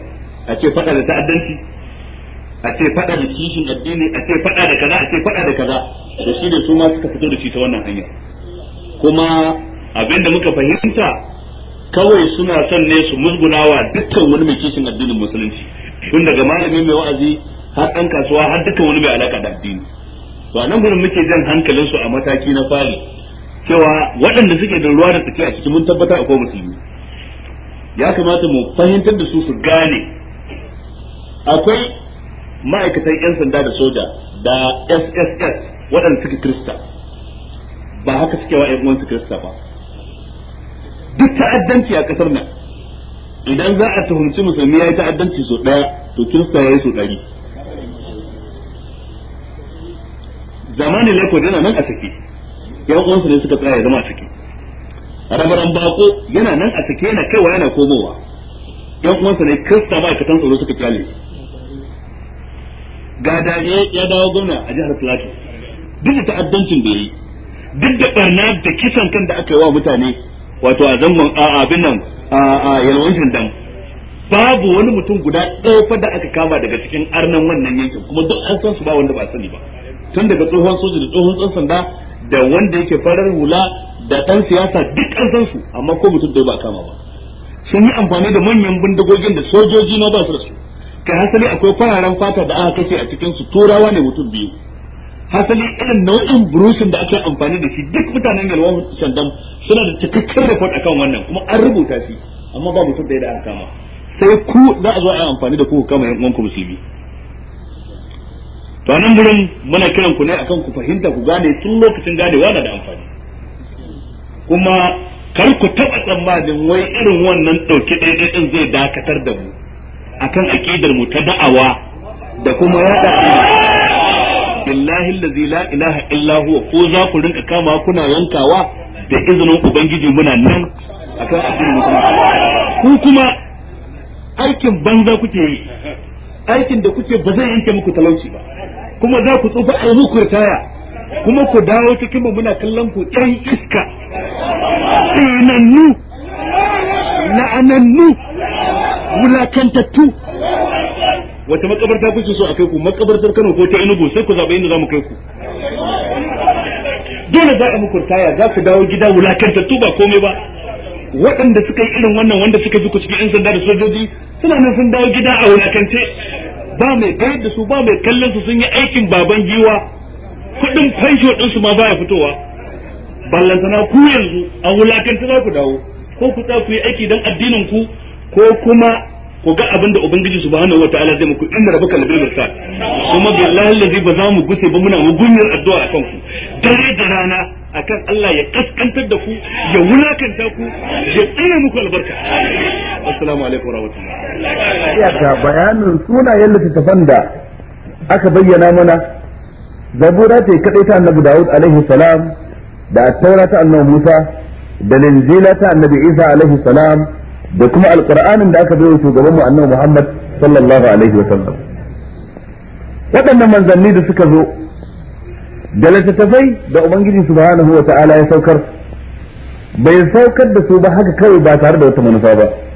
S1: a ce faɗa da ta'addanci a ce faɗa da kishin addini a ce faɗa da kaza a ce faɗa da kaza to shi ne su ma suka fito da shi ta wannan hanya kuma abin da muka fahimta kawai suna son ne su musgunawa dukkan wani mai kishin addinin musulunci tun daga malami mai wa'azi har ɗan kasuwa har dukkan wani mai alaka da addini to a nan gurin muke jan hankalinsu a mataki na fari cewa waɗanda suke da ruwa da tsaki a cikin mun tabbata akwai musulmi ya kamata mu fahimtar da su su gane akwai ma'aikatan 'yan sanda da soja da sss waɗanda suke krista ba haka suke wa 'yan su krista ba duk ta'addanci a ƙasar nan idan za a tuhumci musulmi ya yi ta'addanci sau ɗaya to kirista ya yi sau ɗari zamanin lakwai yana nan a sake yan uwansa ne suka tsaya ya zama a sake rabaran bako yana nan a sake yana kaiwa yana komowa yan uwansa ne kirista ba ka tsaro suka kyale shi ga dare ya dawo gwamna a jihar Plateau duk da ta'addancin da yi duk da barna da kisan kan da aka yi wa mutane wato a zangon a abin nan a yalwancin dam babu wani mutum guda ɗaya fa da aka kama daga cikin arnan wannan yankin kuma duk an san su ba wanda ba sani ba tun daga tsohon soja da tsohon tsan sanda da wanda yake farar hula da dan siyasa duk an san su amma ko mutum dai ba kama ba sun yi amfani da manyan bindigogin da sojoji ma ba su da su kai hasali akwai fararen fata da aka kashe a cikin su turawa ne mutum biyu hasali irin nau'in burushin da ake amfani da shi duk mutanen yalwa shandam suna da cikakken report akan wannan kuma an rubuta shi amma ba mutum da ya da kama sai ku za a zo a yi amfani da ku kama yan uwanku musulmi to nan gurin muna kiran ku ne akan ku fahimta ku gane tun lokacin ganewa na da amfani kuma kar ku taɓa tsammanin wai irin wannan dauke ɗaya din zai dakatar da mu akan aqidar mu ta da'awa da kuma yaɗa billahi allazi la ilaha illa huwa ko za ku rinka kama kuna yankawa da izinin ubangiji muna nan akan mu ku kuma aikin banza kuke yi aikin da kuke ba zai yanke muku talauci ba kuma za ku tsufa a muku taya kuma ku dawo cikin mu muna kallon ku ɗan iska tsinannu la'anannu
S2: wulakantattu
S1: wace makabarta kuke so a kai ku makabartar Kano ko ta Enugu sai ku zaɓa inda za mu kai ku dole za a muku taya za ku dawo gida wulakantattu ba komai ba waɗanda suka yi irin wannan wanda suka fi ku cikin 'yan sanda da sojoji suna nan sun dawo gida a wulakance ba mai kayar da su ba mai kallon su sun yi aikin baban giwa kudin fansho ɗinsu su ma baya fitowa ballantana ku yanzu a wulakanta za ku dawo ko ku ta ku yi aiki don addinin ku ko kuma ku ga abin da ubangiji subhanahu wataala zai muku inda rabu labil mirsad kuma billahi allazi ba za mu guse ba muna mugunyar addu'a akan ku dare da rana akan Allah ya kaskantar da ku ya wulakanta ku ya tsaya muku albarka assalamu alaikum warahmatullahi ya bayanin sunayen littattafan da aka bayyana mana zabura ce kadai ta annabi Dawud alaihi salam da at-taura ta annabi Musa da linzila ta annabi Isa alaihi salam da kuma alqur'anin da aka bayyana shugaban mu annabi Muhammad sallallahu alaihi wa sallam waɗannan manzanni da suka zo da littattafai da ubangiji subhanahu wa ta'ala ya saukar bai saukar da su ba haka kawai ba tare da wata manufa ba